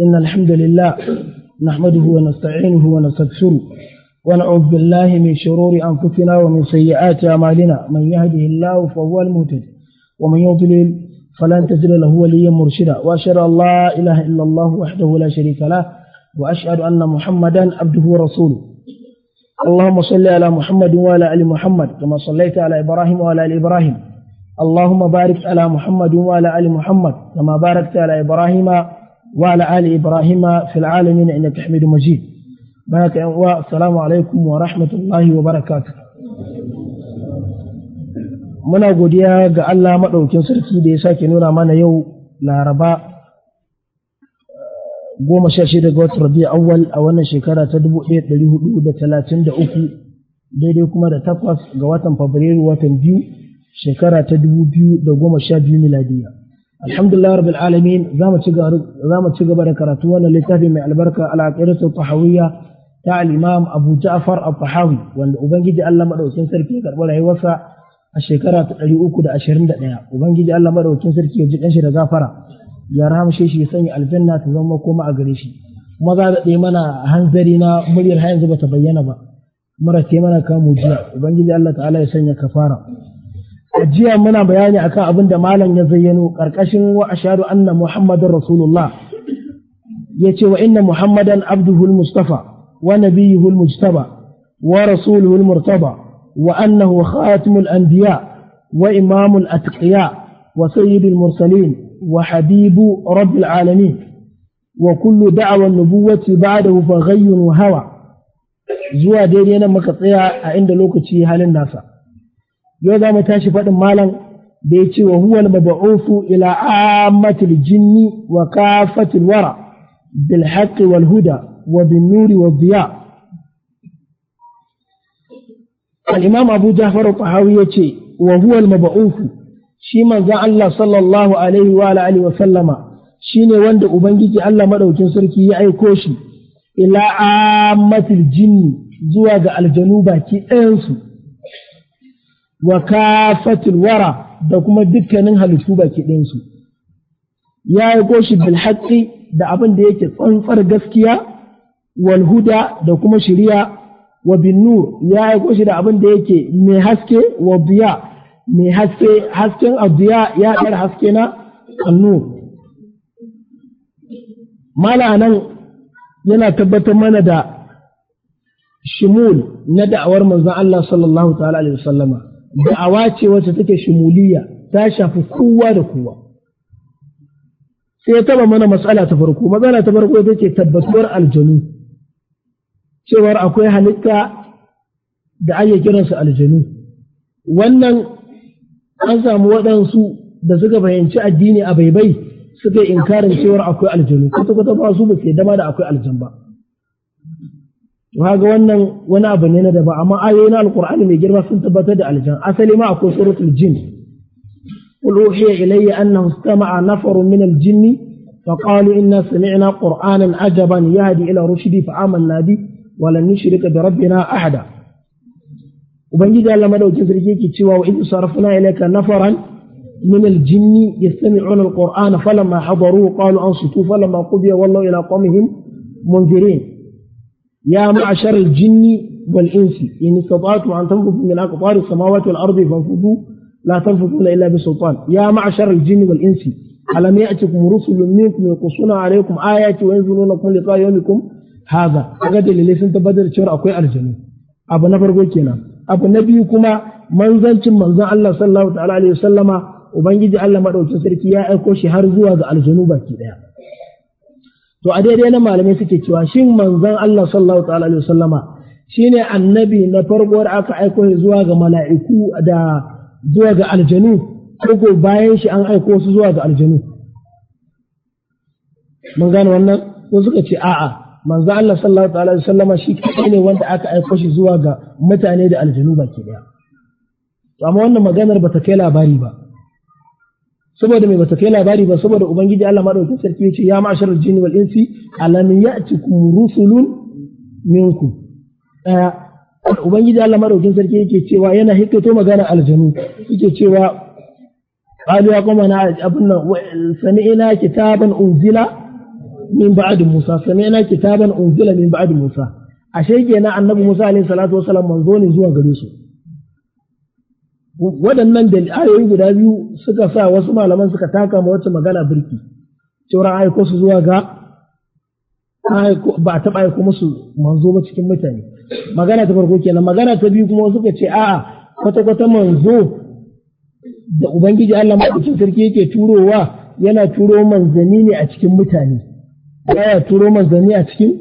إن الحمد لله نحمده ونستعينه ونستغفره ونعوذ بالله من شرور أنفسنا ومن سيئات أعمالنا من يهده الله فهو المهتد ومن يضلل فلن تجد له وليا مرشدا وأشهد أن لا إله إلا الله وحده لا شريك له وأشهد أن محمدا عبده ورسوله اللهم صل على محمد وعلى آل محمد كما صليت على إبراهيم وعلى آل إبراهيم اللهم بارك على محمد وعلى آل محمد كما باركت على إبراهيم وعلى آل إبراهيم في العالمين إنك حميد مجيد بارك السلام عليكم ورحمة الله وبركاته muna godiya ga Allah maɗaukin sarki da ya sake nuna mana yau laraba goma sha shida ga watan rabi awwal a wannan shekara ta dubu ɗaya ɗari hudu da talatin da uku daidai kuma da takwas ga watan fabrairu watan biyu shekara ta dubu biyu da goma sha biyu miladiya alhamdulillah rabbil alamin za mu ci gaba da karatu wannan littafi mai albarka al-aqidatu tahawiyya ta al-imam Abu Ja'far al-Tahawi wanda ubangiji Allah madaukakin sarki ya karɓi rayuwarsa a shekara ta 321 ubangiji Allah madaukakin sarki ya ji kanshi da gafara ya rahamshe shi ya sanya aljanna ta zama koma a gare shi kuma za da mana hanzari na muryar har yanzu bata bayyana ba mara ke mana kamu jiya ubangiji Allah ta'ala ya sanya kafara jiya muna bayani akan abin da malam ya zayyano karkashin wa ashadu anna muhammadar rasulullah ya ce wa inna muhammadan abduhul mustafa wa nabiyuhul mujtaba wa rasuluhul murtaba wa annahu khatimul anbiya wa imamul atqiya wa sayyidul mursalin wa habibu rabbil alamin wa kullu da'awa nubuwati ba'dahu fa ghayyun wa hawa zuwa daidai nan muka tsaya a inda lokaci halin nasa yau za mu tashi faɗin malam da ya ce wa huwal mab'ufu ila ammatil jinni wa kafatil wara bil haqqi wal huda wa bin nuri wa diya al imam abu ja'far tahawi ya ce wa huwal mab'ufu shi manzon Allah sallallahu alaihi wa alihi wa sallama shine wanda ubangiji Allah madaukin sarki ya aiko shi ila ammatil jinni zuwa ga aljanu baki ɗayansu wa kafatul wara da kuma dukkanin halittu baki ɗansu ya yi goshi bil haqqi da abin da yake tsantsar gaskiya wal huda da kuma Shirya wa bin nur ya yi goshi da abin da yake mai haske wa biya mai haske hasken abiya ya ɗara haske na annu mala nan yana tabbatar mana da shimul na da'awar manzon Allah sallallahu ta'ala alaihi da'awa ce wacce take shimuliya ta shafi kowa da kowa sai ya taba mana matsala ta farko matsala ta farko ita ce tabbatuwar aljanu cewar akwai halitta da ake kiransu aljanu wannan an samu waɗansu da suka bayanci addini a baibai suka yi inkarin cewar akwai aljanu kwata kwata ba su ba ke dama da akwai aljan ba ga wannan wani abu ne na daban amma ayoyi na alqur'ani mai girma sun tabbatar da aljan asali ma akwai suratul jin qul uhiya ilayya annahu istama'a nafarun min al-jinni فقالوا إنا سمعنا قرآنا عجبا يهدي إلى رشدي فآمنا به ولن نشرك بربنا أحدا ubangiji Allah madaukin sarki yake cewa wa in sarafna ilayka nafaran min al-jinn yastami'una al-qur'ana falamma hadaruhu qalu ansitu falamma qudiya wallahu ila qawmihim munzirin يا معشر الجن والإنس إن استطعتم أن تنفذوا من أقطار السماوات والأرض فانفذوا لا تنفذون إلا بسلطان يا معشر الجن والإنس ألم يأتكم رسل منكم يقصون عليكم آياتي وينزلونكم لقاء يومكم هذا أقد اللي سنتبدل شر أكوي أرجمي أبو نفر قلتنا أبو نبي كما manzancin manzan Allah sallallahu ta'ala alaihi wasallama ubangiji Allah madaukakin sarki ya aiko shi har zuwa ga aljanu baki daya to a daidai na malamai suke cewa shin manzon Allah sallallahu ta'ala alaihi wasallama shine annabi na farko da aka aiko zuwa ga mala'iku da zuwa ga aljanu ko bayan shi an aiko su zuwa ga aljanu mun gane wannan ko suka ce a'a manzon Allah sallallahu ta'ala alaihi wasallama shi kai ne wanda aka aiko shi zuwa ga mutane da aljanu baki daya amma wannan maganar bata kai labari ba saboda mai bata kai labari ba saboda ubangiji Allah madaukakin sarki yace ce ya ma'asharul jin wal insi alam ya'tikum rusulun minku eh ubangiji Allah madaukakin sarki yake cewa yana hikkato magana aljanu yake cewa قالوا يا na abun nan سمعنا kitaban unzila min بعد musa سمعنا kitaban unzila min بعد musa ashe kenan annabi Musa alaihi salatu wasallam manzo ne zuwa gare su waɗannan da ayoyi guda biyu suka sa wasu malaman suka taka ma wacce magana birki cewar aiko su zuwa ga ba a taɓa aiko musu manzo ba cikin mutane magana ta farko kenan magana ta biyu kuma suka ce a'a kwata-kwata manzo da ubangiji Allah maɗaukin sarki yake turowa yana turo manzanni ne a cikin mutane baya turo manzanni a cikin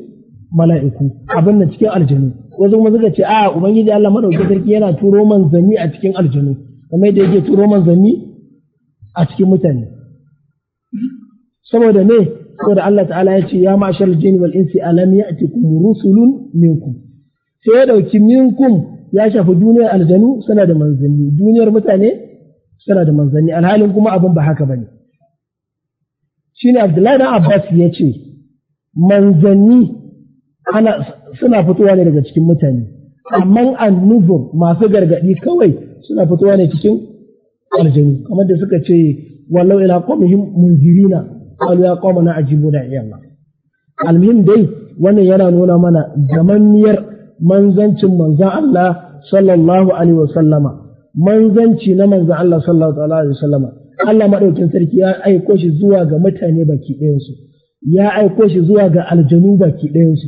mala'iku abin nan cikin aljanu wasu kuma suka ce a ubangiji Allah madauki sarki yana turo manzanni a cikin aljanu kamar yadda yake turo manzanni a cikin mutane saboda ne saboda Allah ta'ala ya ce ya ma'ashar jin wal insi alam ya'tikum rusulun minkum sai ya dauki minkum ya shafi duniyar aljanu suna da manzanni duniyar mutane suna da manzanni alhalin kuma abin ba haka bane shine Abdullahi Abbas ya ce manzanni ana suna fitowa ne daga cikin mutane amma annubur masu gargadi kawai suna fitowa ne cikin aljanu kamar da suka ce wallau ila qawmihim munzirina qalu ya qawmana ajibu da yalla. almuhim dai wannan yana nuna mana gamanniyar manzancin manzan Allah sallallahu alaihi wasallama manzanci na manzan Allah sallallahu alaihi wasallama Allah madaukin sarki ya aiko shi zuwa ga mutane baki ɗayansu ya aiko shi zuwa ga aljanu baki ɗayansu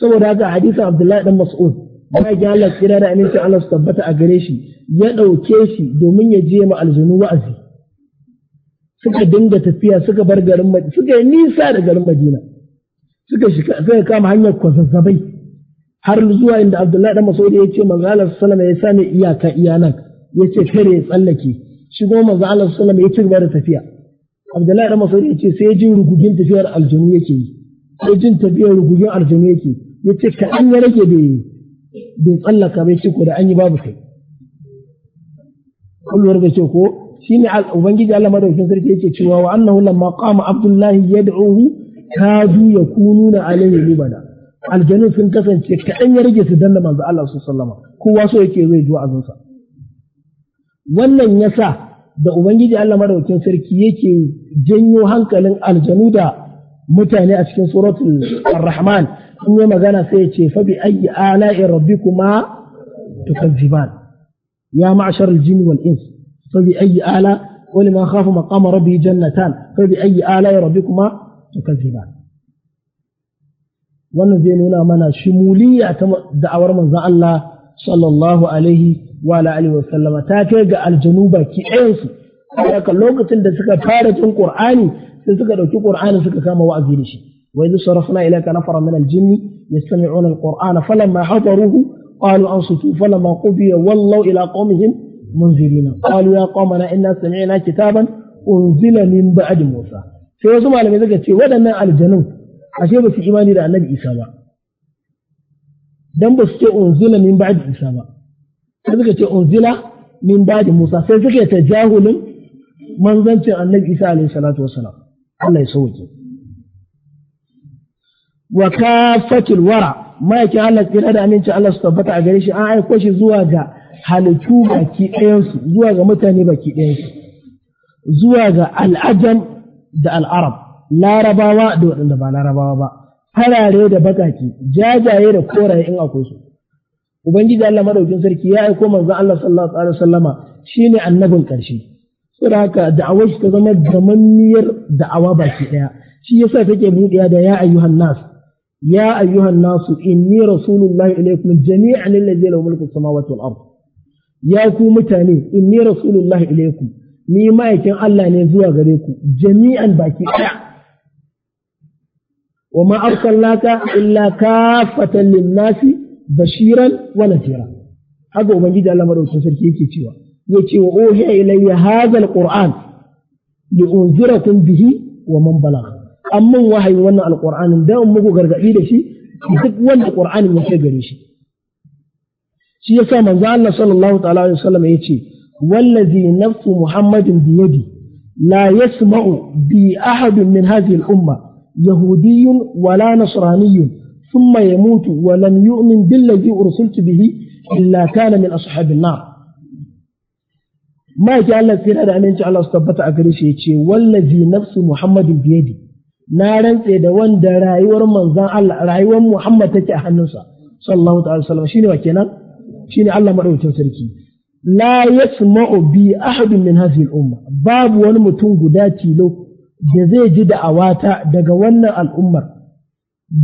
saboda haka hadisin Abdullahi dan Mas'ud bayan ya Allah kira da aminci Allah su tabbata a gare shi ya ɗauke shi domin ya je ma aljunu wa'azi suka dinga tafiya suka bar garin Madina suka yi nisa da garin Madina suka shiga suka kama hanyar kwazazzabai har zuwa inda Abdullahi dan Mas'ud ya ce manzo Allah sallallahu alaihi wasallam ya sani iyaka iyanan ya ce kare ya tsallake Shigo kuma manzo Allah sallallahu alaihi wasallam ya ci gaba da tafiya Abdullahi dan Mas'ud ya ce sai ya ji rugugin tafiyar aljunu yake yi sai jin tafiyar rugugin aljunu yake yi ya ce kaɗan ya rage bai tsallaka bai ce ko da an yi babu kai kullum da ce ko shine ubangiji Allah madaukakin sarki yake cewa wa annahu lamma qama abdullahi yad'uhu kadu yakununa alayhi libada aljanu sun kasance kaɗan ya rage su danna manzo Allah su sallama kowa so yake zai ji wa'azinsa wannan yasa da ubangiji Allah madaukakin sarki yake janyo hankalin aljanu da mutane a cikin suratul rahman in yi magana sai ya ce fa bi ayyi ala'i rabbikuma tukazziban ya ma'ashar al-jinn wal ins fa bi ayyi ala wa liman khafa maqama rabbi jannatan fa bi ayyi ala'i rabbikuma tukazziban wannan zai nuna mana shimuliya ta da'awar manzon Allah sallallahu alaihi wa alihi wa sallama ta kai ga aljanu baki ɗayansu haka lokacin da suka fara jin qur'ani sai suka dauki qur'ani suka kama wa'azi da shi وإذ صرفنا إليك نفرا من الجن يستمعون القرآن فلما حضروه قالوا أنصتوا فلما قضي ولوا إلى قومهم منزلين قالوا يا قومنا إنا سمعنا كتابا أنزل من بعد موسى في يوم على مزاجة ودنا على الجنون أشياء في إيمان إلى النبي إسامة دم بس أنزل من بعد إسامة هذا أنزل من بعد موسى فذلك تجاهل من ذنب النبي إيسا عليه الصلاة والسلام الله يسوي wa kafatul wara ma'aikin Allah ki da aminci Allah su tabbata a gare shi an aiko shi zuwa ga halittu baki ɗayansu zuwa ga mutane baki ɗayansu zuwa ga al'ajan da al'arab larabawa da waɗanda ba larabawa ba farare da bakaki jajaye da koraye in akwai su ubangiji Allah madaukin sarki ya aiko manzon Allah sallallahu alaihi wasallama shine annabin ƙarshe saboda haka da'awar shi ta zama gamanniyar da'awa baki ɗaya shi yasa take buɗiya da ya ayyuhan nas يا أيها الناس إني رسول الله إليكم جميعا الذي له ملك السماوات والأرض يا كو متاني إني رسول الله إليكم ni ma'aikin Allah ne zuwa gare ku jami'an baki ɗaya wa ma arsalnaka illa kafatan lin-nasi bashiran wa nadira haka ubangiji Allah madaukakin sarki yake cewa yace wa ohiya ilayya hadha al-qur'an li unzirakum bihi wa man an mun wahayin wannan alƙur'anin da muku gargaɗi da shi duk wanda ƙur'anin ya gare shi shi yasa manzo Allah sallallahu ta'ala alaihi wasallam yace wallazi nafsu muhammadin bi yadi la yasma'u bi ahadin min hadhihi al-umma yahudiyyun wala nasraniyyun thumma yamutu wa lam yu'min billadhi ursiltu bihi illa kana min ashabin nar ma yake Allah sai da aminci Allah su tabbata a gare shi yace wallazi nafsu muhammadin bi yadi na rantse da wanda rayuwar manzan Allah rayuwar Muhammad take a hannunsa sallallahu ta'ala sallam shine wa kenan shine Allah madaukakin sarki la yasma'u bi ahad min hadhihi al-umma babu wani mutum guda tilo da zai ji da'awata daga wannan al'ummar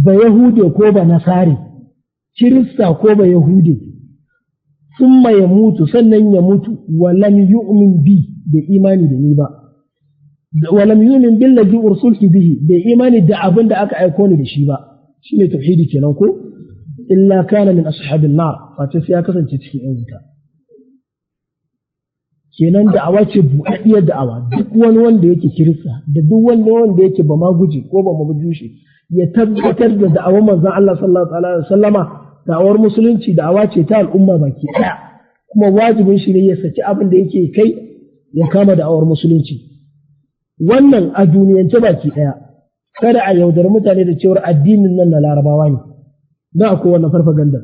ba yahude ko ba nasari kirista ko ba yahude summa ya mutu sannan ya mutu wa lam yu'min bi bai imani da ni ba ولم يؤمن بالذي ursultu bihi bai imani da abinda aka aiko ni da shi ba shine tauhidi kenan ko illa kana min ashabin nar ya kasance cikin yan wuta kenan da'awa ce buɗaɗɗiyar da'awa duk wani wanda yake kirista da duk wani wanda yake ba ma guji ko ba ma bujushe ya tabbatar da da'awar manzon Allah sallallahu alaihi wasallama da'awar musulunci da'awa ce ta al'umma baki ɗaya kuma wajibin shi ne ya saki abin da yake kai ya kama da'awar musulunci wannan a duniyance baki ɗaya kada a yaudar mutane da cewar addinin nan na larabawa ne da akwai wannan farfaganda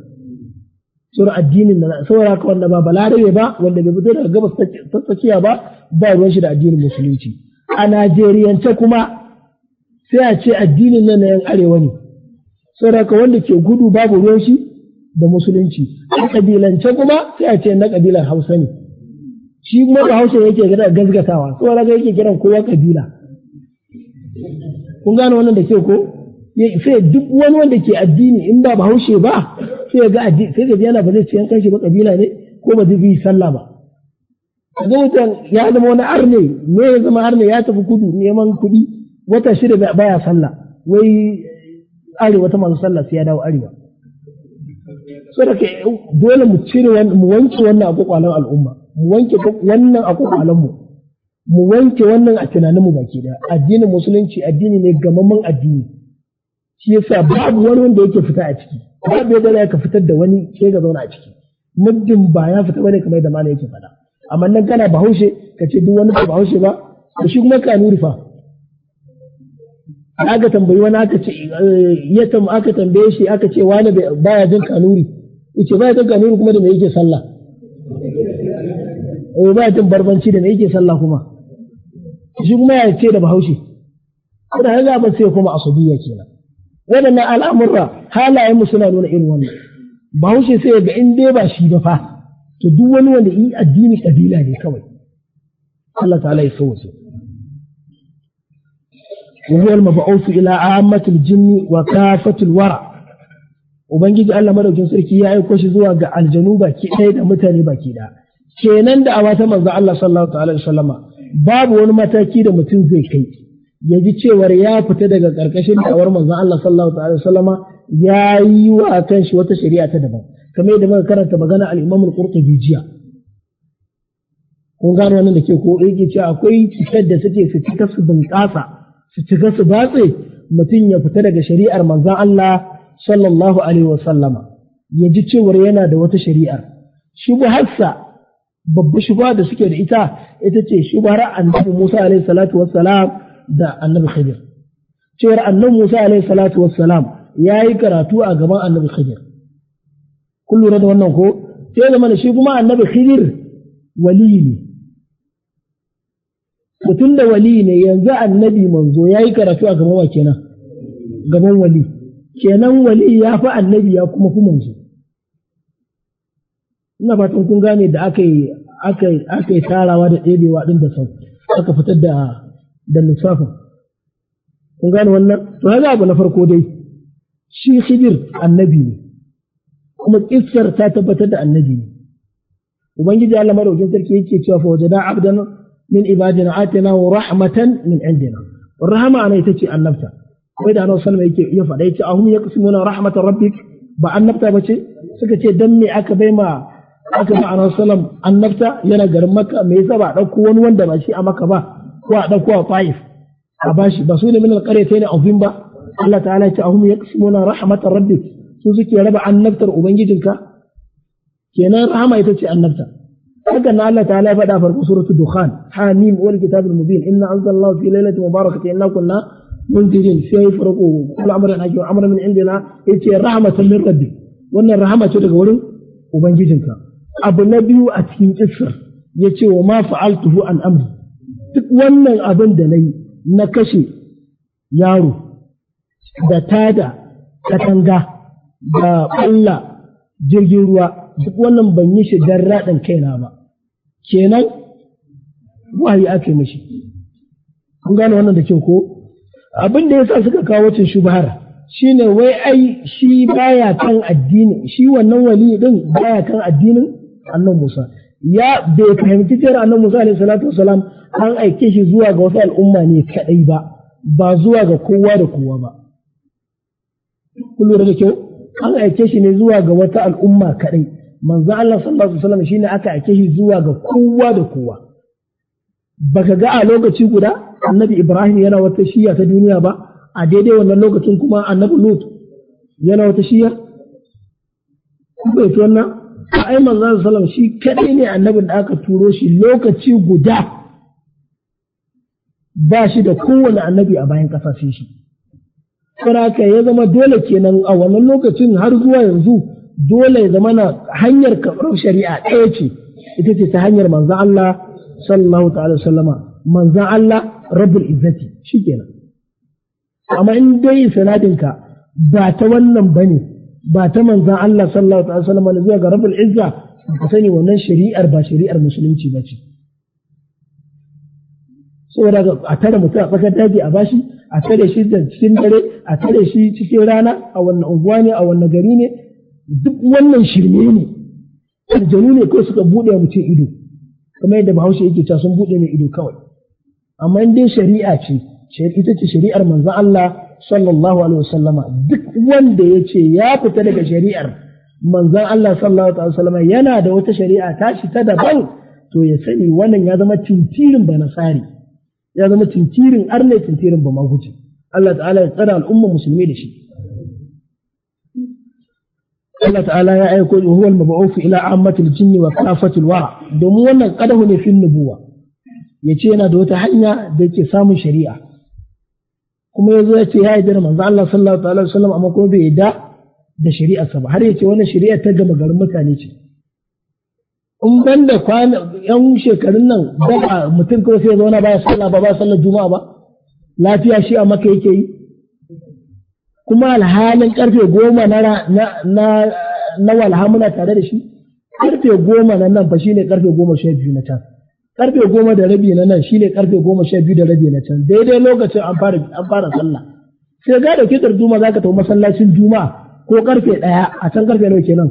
cewar addinin nan saboda ka wanda ba balarabe ba wanda bai fito daga gabas ta tsakiya ba ba ruwan shi da addinin musulunci a najeriyance kuma sai a ce addinin nan na yan arewa ne saboda ka wanda ke gudu babu ruwan shi da musulunci a kabilance kuma sai a ce na kabilar hausa ne shi kuma da haushe yake gada gazgatawa so raga yake kiran kowa kabila kun gane wannan da ke ko sai duk wani wanda ke addini in ba bahaushe ba sai ga addini sai ga yana ba zai ciyan kanshi ba kabila ne ko ba zai bi sallah ba a ga wutan ya zama wani arne ne ya zama arne ya tafi kudu neman kuɗi wata shida baya sallah wai arewa ta masu sallah sai ya dawo arewa so da dole mu cire mu wanke wannan a al'umma mu wanke wannan a kwakwalenmu mu wanke wannan a tunaninmu baki da addinin musulunci addini ne gamamman addini shi yasa babu wani wanda yake fita a ciki babu yadda ya ka fitar da wani ke ka zauna a ciki muddin ba ya fita bane kamar da mana yake faɗa amma nan kana bahaushe ka ce duk wani ba bahaushe ba to shi kuma ka fa aka tambayi wani aka ce eh, ya aka tambaye shi aka ce wani baya jin kanuri yace baya jin kanuri kuma da me yake sallah eh ba jin barbanci da yake sallah kuma shi kuma ya ce da bahaushe kuma haka ba sai kuma asubiya kenan waɗannan al'amurra halayen mu suna nuna irin wannan bahaushe sai ga in dai ba shi ba fa to duk wani wanda yi addini kabila ne kawai Allah ta'ala ya Wani وهو ila ahammatul عامة wa kafatul wara Ubangiji Allah madaukin sarki ya aiko shi zuwa ga aljanu baki ɗaya da mutane baki ɗaya. kenan da a wata manzo Allah sallallahu babu wani mataki da mutum zai kai ya ji cewar ya fita daga karkashin da'awar manzo Allah sallallahu ya yi wa kan shi wata shari'a ta daban kamar yadda muka karanta magana al-Imam al-Qurtubi jiya kun gano wannan da ke ko yake cewa akwai cutar da suke su cika su bunƙasa su cika su batse mutum ya fita daga shari'ar manzon Allah sallallahu alaihi ya ji cewar yana da wata shari'ar shubuharsa babba shuba da suke da ita ita ce shubar annabi Musa alaihi salatu wassalam da annabi Khidir cewar annabi Musa alaihi salatu wassalam yayi karatu a gaban annabi Khidir kun lura da wannan ko sai da mana shi kuma annabi Khidir wali ne mutum da wali ne yanzu annabi manzo yayi karatu a gaban wa kenan gaban wali kenan wali ya fi annabi ya kuma fi manzo ina fatan kun gane da aka yi aka yi tarawa da ɗebewa ɗin da sau aka fitar da da lissafin kun gane wannan to haka abu na farko dai shi khidir annabi ne kuma kissar ta tabbatar da annabi ne ubangiji Allah madaukin sarki yake cewa fa wajada abdan min ibadina atina wa rahmatan min indina rahama ana ita ce annabta kai da annabi sallallahu yake ya faɗa yace ahum yaqsimuna rahmatar rabbik ba annabta bace suka ce dan me aka bai ma aka ba a sallam annabta yana garin maka me yasa ba a ɗauko wani wanda ba shi a maka ba ko a ɗauko a fa'if a bashi ba su ne min sai ne azim ba Allah ta'ala ya ce ahum yaqsimuna rahmatar rabbik su suke raba annabtar ubangijinka kenan rahama ita ce annabta haka na Allah ta'ala ya faɗa farko suratul dukhan hamim wal kitabil mubin inna anzalallahu fi lailatin mubarakatin inna kunna muntirin sai farko kul amran hakim amran min indina yace rahmatan min rabbik wannan rahama ce daga wurin ubangijinka abu na biyu a cikin kissa ya ce wa ma fa'altuhu an amri duk wannan abin da na yi na kashe yaro da tada katanga da ƙulla jirgin ruwa duk wannan ban yi shi don raɗin kaina ba kenan wahayi ake mashi kun gane wannan da kyau ko abin da ya sa suka kawo cin Shi ne wai ai shi baya kan addini shi wannan wali din baya kan addinin annan Musa ya bai fahimci cewa annan Musa alaihi salatu wasalam an aike shi zuwa ga wasu al'umma ne kadai ba ba zuwa ga kowa da kowa ba kun lura da kyau an aike shi ne zuwa ga wata al'umma kadai manzo Allah sallallahu alaihi wasallam shine aka aike shi zuwa ga kowa da kowa baka ga a lokaci guda annabi Ibrahim yana wata shiya ta duniya ba a daidai wannan lokacin kuma annabi Lut yana wata shiya ku bai wannan ai manzon sallam shi kadai ne annabin da aka turo shi lokaci guda ba shi da kowane annabi a bayan ƙasa sai shi kai ya zama dole kenan a wannan lokacin har zuwa yanzu dole ya zama na hanyar karɓar shari'a ɗaya ce ita ce ta hanyar manzan Allah sallallahu ta'ala sallama manzan Allah rabbul izzati shikenan amma in dai sanadinka ba ta wannan bane ba ta manzan Allah sallallahu alaihi wasallam ne zuwa ga rabbul izza ka sani wannan shari'ar ba shari'ar musulunci ba ce saboda a tare mutum a tsakar daji a bashi a tare shi da cikin dare a tare shi cikin rana a wannan unguwa ne a wannan gari ne duk wannan shirme ne aljanu ne kawai suka buɗe mutum ido kamar yadda bahaushe yake cewa sun buɗe mai ido kawai amma in shari'a ce ita ce shari'ar manzan Allah sallallahu alaihi wasallama duk wanda ya ce ya fita daga shari'ar manzon Allah sallallahu alaihi wasallama yana da wata shari'a tashi ta daban to ya sani wannan ya zama tintirin ba nasari ya zama tintirin arne tintirin ba maguci Allah ta'ala ya tsara al'umma musulmi da shi Allah ta'ala ya aiko huwa al-mab'uf ila ammatil jinni wa kafatil wara domin wannan qadahu ne fin nubuwa yace yana da wata hanya da yake samun shari'a kuma zo ya ce ya yi da manzo Allah sallallahu alaihi wasallam amma kuma bai yarda da shari'a sa ba har yace wannan shari'a ta gama garin mutane ce in banda kwana yan shekarun nan ba mutum ko sai zauna baya sallah ba baya sallar juma'a ba lafiya shi a maka yake yi kuma alhalin karfe goma na na na walha tare da shi karfe goma nan nan fa shine karfe goma sha biyu na can karfe goma da rabi na nan shi ne karfe goma sha biyu da rabi na can daidai lokacin an fara an fara sallah sai ga da kitar juma zaka tafi masallacin juma ko karfe daya a can karfe nawa kenan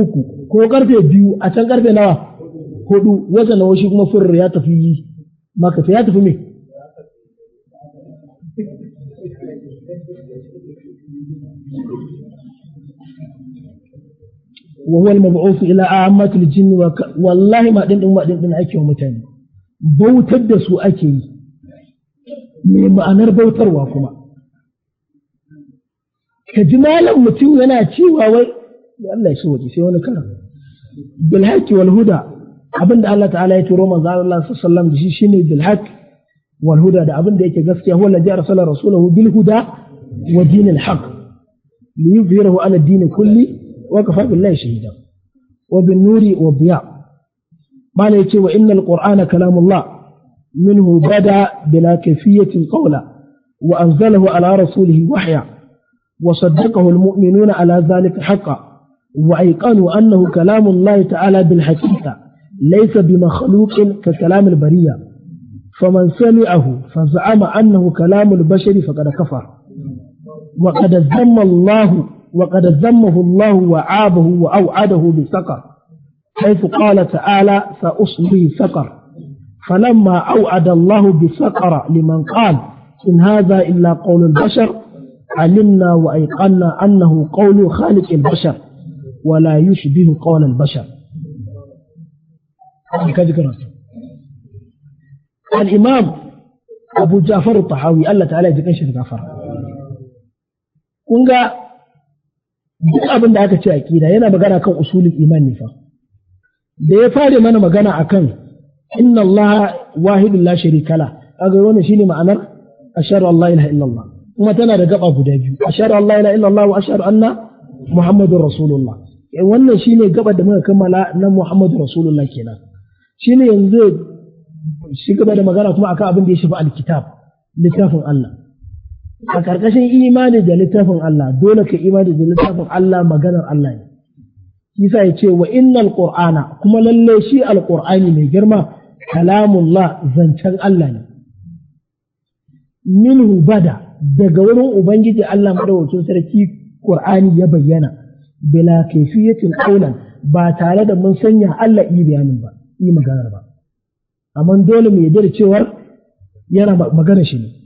uku ko karfe biyu a can karfe nawa hudu wajen nawa shi kuma furar ya tafi maka ya tafi me wa huwa al-mab'uth ila ammatil jinni wa wallahi ma din ma din ake mutane bautar da su ake yi me ma'anar bautarwa kuma ka ji malam mutum yana cewa wai Allah ya so waje sai wani karan bil haqqi wal abinda Allah ta'ala ya turo manzo Allah sallallahu alaihi wasallam da shi shine bil haqqi da abinda yake gaskiya huwa allazi arsala rasulahu bil huda wa dinil haqq kulli وكفى بالله شهيدا وبالنور وضياء قال يتي وإن القرآن كلام الله منه بدا بلا كيفية قولا وأنزله على رسوله وحيا وصدقه المؤمنون على ذلك حقا وأيقنوا أنه كلام الله تعالى بالحقيقة ليس بمخلوق ككلام البرية فمن سمعه فزعم أنه كلام البشر فقد كفر وقد ذم الله وقد ذمه الله وعابه وأوعده بسقر حيث قال تعالى سأصلي سقر فلما أوعد الله بسقر لمن قال إن هذا إلا قول البشر علمنا وأيقنا أنه قول خالق البشر ولا يشبه قول البشر الإمام أبو جعفر الطحاوي الله تعالى أن غفر جعفر duk abin da aka ce aqida yana magana kan usulul iman ne fa da ya fare mana magana akan inna Allah wahidul la sharika la kaga wannan shine ma'anar ashhadu Allah, la ilaha illallah kuma tana da gaba guda biyu ashhadu Allah, la ilaha illallah wa ashhadu anna muhammadur rasulullah eh, wannan shine gaba da muka kammala na muhammadur rasulullah kenan shine yanzu shi gaba da magana kuma akan abin da ya shafi alkitab littafin Allah a ƙarƙashin imani da littafin Allah dole ka imani da littafin Allah maganar Allah ne Isa ya ce wa innal qur'ana kuma lalle shi alqur'ani mai girma kalamullah zancen Allah ne minhu bada daga wurin ubangiji Allah madawacin sarki qur'ani ya bayyana bila kayfiyatin qawlan ba tare da mun sanya Allah yi bayanin ba yi maganar ba amma dole mu yarda da cewar yana maganar shi ne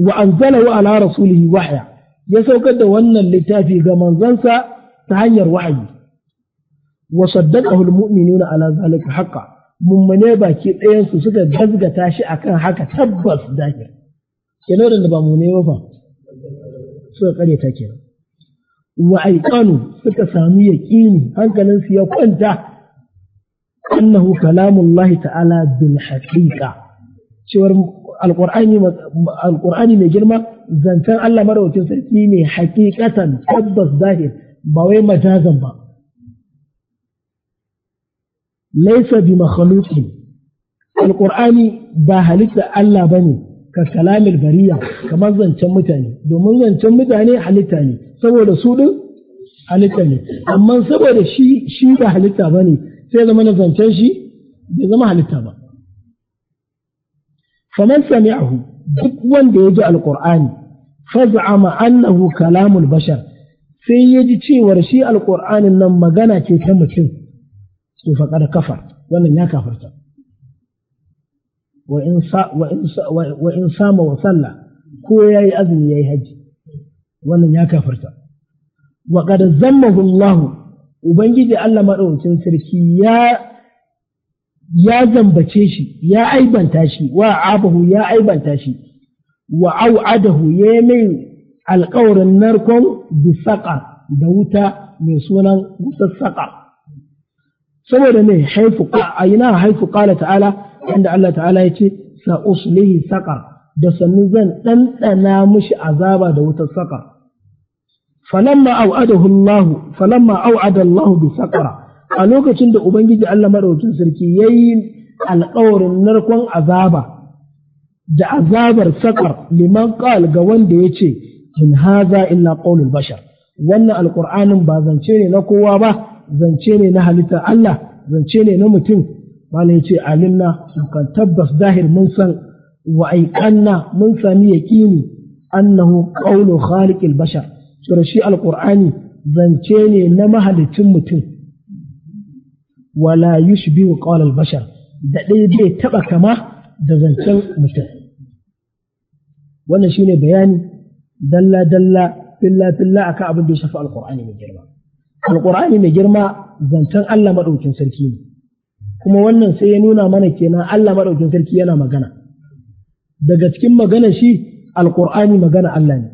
wa anzalahu ala rasulihi wahya ya saukar da wannan littafi ga manzansa ta hanyar wahayi wa saddaqahu almu'minuna ala zalika haqqan mummune baki ɗayan su suka gazgata shi akan haka tabbas dahir kenan da ba mu ne ba suka kare ta kenan wa suka sami yaƙini su ya kwanta annahu kalamullahi ta'ala bil haqiqa cewar Alƙur'ani mai girma zancen Allah madaukakin sarki ne hakikatan tabbas zahir ba wai majazan ba laysa bi makhluqin ba halitta Allah bane ka kalamil bariya kamar zancen mutane domin zancen mutane halitta ne saboda su din halitta ne amma saboda shi shi ba halitta bane sai zama na zancen shi bai zama halitta ba faman sami'ahu duk wanda ya ji Alƙur'ani, faz'ama ma'anahu kalamul bashar sai ya ji cewar shi alqur'anin nan magana ce ta mutum to faqad kafar wannan ya kafarta wa sama wa salla ko yayi azumi yayi haji wannan ya kafarta wa qad zammahu Allah ubangiji Allah madaukakin sarki ya ya zambace shi ya aibanta shi wa abahu ya aibanta shi wa au'adahu ya mai alƙawarin narkon bisaƙa da wuta mai sunan saƙa. saboda ne haifu a ina haifu ƙala ta'ala inda Allah ta'ala ya ce sa uslihi saƙa da sannu zan ɗanɗana mushi azaba da wutar saƙa falamma au'adahu Allah falamma Allah bi saƙara a lokacin da ubangiji Allah madaukakin sarki yayi alƙawarin narkon azaba da azabar saƙar liman qal ga wanda ce in haza illa ƙaunin bashar wannan alqur'anin ba zance ne na kowa ba zance ne na halittar Allah zance ne na mutum malam yace alinna kan tabbas dahir mun san wa mun sami yaqini annahu qaulu halikin bashar to shi Alƙur'ani zance ne na mahalicin mutum wala yushbihu qawl al-bashar da ɗaya bai taɓa kama da zancen mutum wannan shine bayani dalla dalla filla filla akan abin da ya shafi alqur'ani mai girma alqur'ani mai girma zancen Allah madaukin sarki ne kuma wannan sai ya nuna mana kenan Allah madaukin sarki yana magana daga cikin magana shi alqur'ani magana Allah ne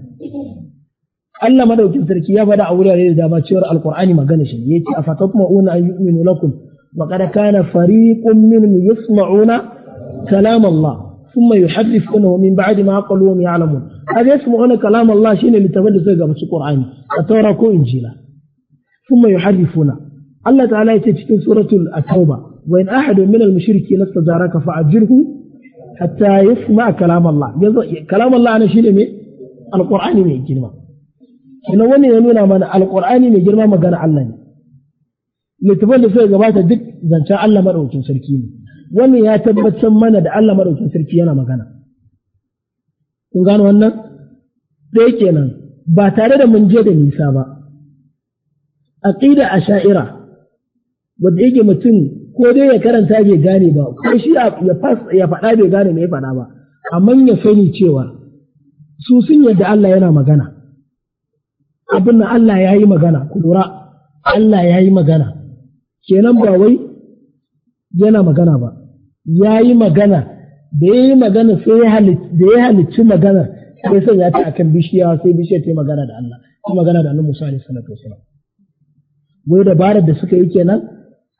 Allah madaukin sarki ya faɗa a wurare da dama cewar alqur'ani magana shi yace afatatma'una an yu'minu lakum وقد كان فريق منهم يسمعون كلام الله ثم يحرفونه من بعد ما قالوا يعلمون هذا يسمعون كلام الله شين اللي تبدل سيقى بس القرآن التوراة كو إنجيلا ثم يحرفونه الله تعالى يتجتن سورة التوبة وإن أحد من المشركين استجارك فأجره حتى يسمع كلام الله كلام الله أنا شين مي القرآن مي جنما شنو وني ينونا من القرآن مي جنما قال الله littafin da suka gabata duk zancen Allah maɗaukin sarki ne wannan ya tabbatar mana da Allah maɗaukin sarki yana magana kun gano wannan ɗaya kenan ba tare da mun je da nisa ba a sha'ira, wadda yake mutum ko dai ya karanta bai gane ba ko shi ya faɗa bai gane mai faɗa ba amma ya sani cewa su sun yadda Allah yana magana abin Allah ya yi magana ku lura Allah ya yi magana kenan ba wai yana magana ba ya yi magana da ya yi magana sai ya halicci magana sai sai ya ta akan bishiya sai bishiya ta yi magana da Allah ta magana da Allah Musa alaihi salatu wasalam wai dabarar da suka yi kenan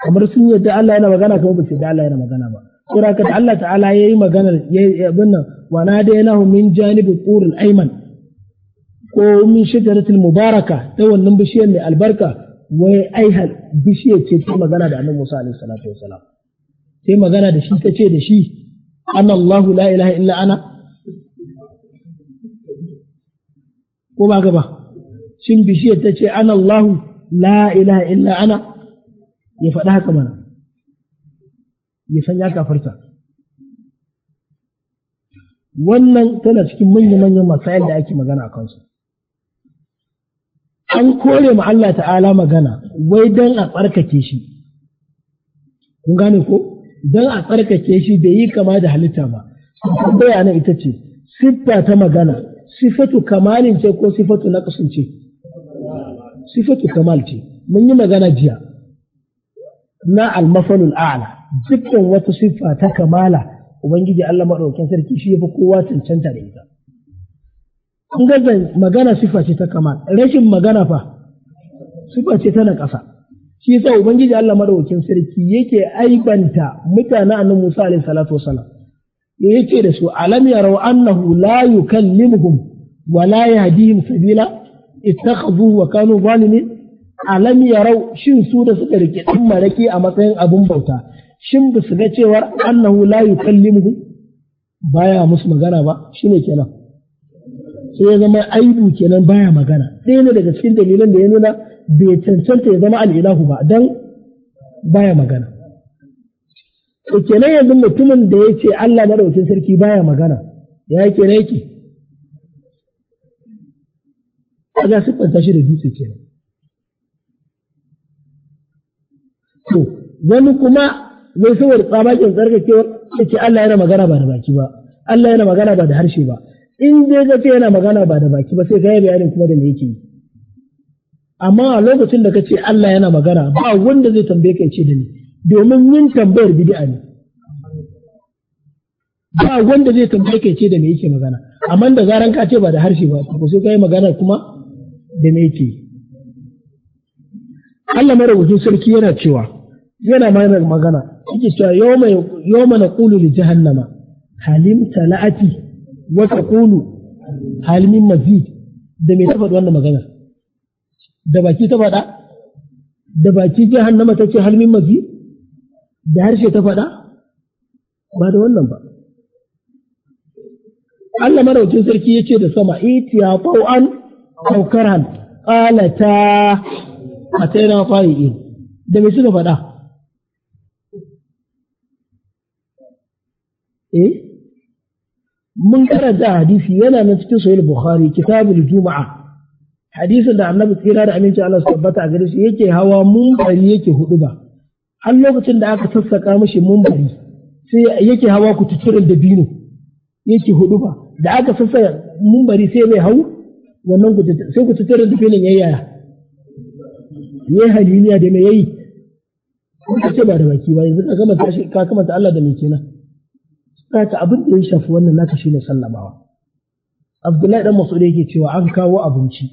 kamar sun yadda Allah yana magana kamar ba su yadda Allah yana magana ba saboda haka Allah ta'ala ya yi magana ya yi abin nan wa nadainahu min janibi qurul ayman ko min shajaratil mubaraka ta wannan bishiyar mai albarka wai ai bishiyar ce ta magana da annabi Musa alaihi salatu wasalam sai magana da shi ta ce da shi anna Allahu la ilaha illa ana ko ba gaba shin bishiyar ta ce anna Allahu la ilaha illa ana ya faɗa haka mana ya san ya kafarta wannan tana cikin manya-manyan masayan da ake magana a kansu an kore ma Allah ta'ala magana wai dan a tsarkake shi kun gane ko dan a tsarkake shi bai yi kama da halitta ba tambaya nan ita ce siffa ta magana sifatu kamalin ce ko sifatu naqsin ce sifatu kamal ce mun yi magana jiya na almafalul a'ala a'la dukkan wata siffa ta kamala ubangiji Allah madaukakin sarki shi yafi kowa cancanta da ita in gaza magana sifa ce ta kamal rashin magana fa sifa ce ta naƙasa shi yasa ubangiji Allah madaukakin sarki yake aibanta mutane annabi Musa alaihi salatu wasalam ya yake da su alam yarau annahu la yukallimuhum wa la yahdihim sabila ittakhadhu wa kanu zalimin alam yarau shin su da suka rike din maraki a matsayin abun bauta shin ba su ga cewar annahu la yukallimuhum baya musu magana ba shine kenan sai ya zama aibu kenan baya magana ɗaya ne daga cikin dalilan da ya nuna bai cancanta ya zama al'ilahu ba dan baya magana to kenan yanzu mutumin da ya ce Allah madaukakin sarki baya magana ya yake na yake kaga siffanta shi da dutse kenan to wani kuma zai saboda tsabakin tsarkakewar ya ce Allah yana magana ba da baki ba Allah yana magana ba da harshe ba in dai gafe yana magana ba da baki ba sai ka yi bayanin kuma da me yake yi amma a lokacin da ka ce Allah yana magana ba wanda zai tambaye ka ce da ni domin yin tambayar bid'a ne ba wanda zai tambaye ka ce da me yake magana amma da zaran ka ce ba da harshe ba ko sai ka yi magana kuma da me yake Allah marubucin sarki yana cewa yana mana magana yake cewa yawma yawma naqulu li jahannama halim tala'ati Wata kulu halimin mazid da mai ta faɗi wannan magana da baki ta faɗa da baki jahannama ta ce halimin mazid da harshe ta faɗa ba da wannan ba Allah maraukin sarki ya ce da sama iti an itiya ƙalata a karhan qalata ataina qai'in da mai suka faɗa eh mun karanta hadisi yana nan cikin sahih bukhari kitabul juma'a hadisin da annabi tsira da aminci Allah su tabbata a gare shi yake hawa mumbari yake hudu ba har lokacin da aka sassaka mishi mumbari sai yake hawa kututurin da bino yake hudu ba da aka sassaka mumbari sai mai hau wannan sai kututurin da binin yayyaya yayi haliliya da mai yayi ce ba da baki ba yanzu ka gama ka kamata Allah da mai kenan ta abin da ya shafi wannan naka shine sallamawa Abdullahi dan Mas'ud yake cewa an kawo abinci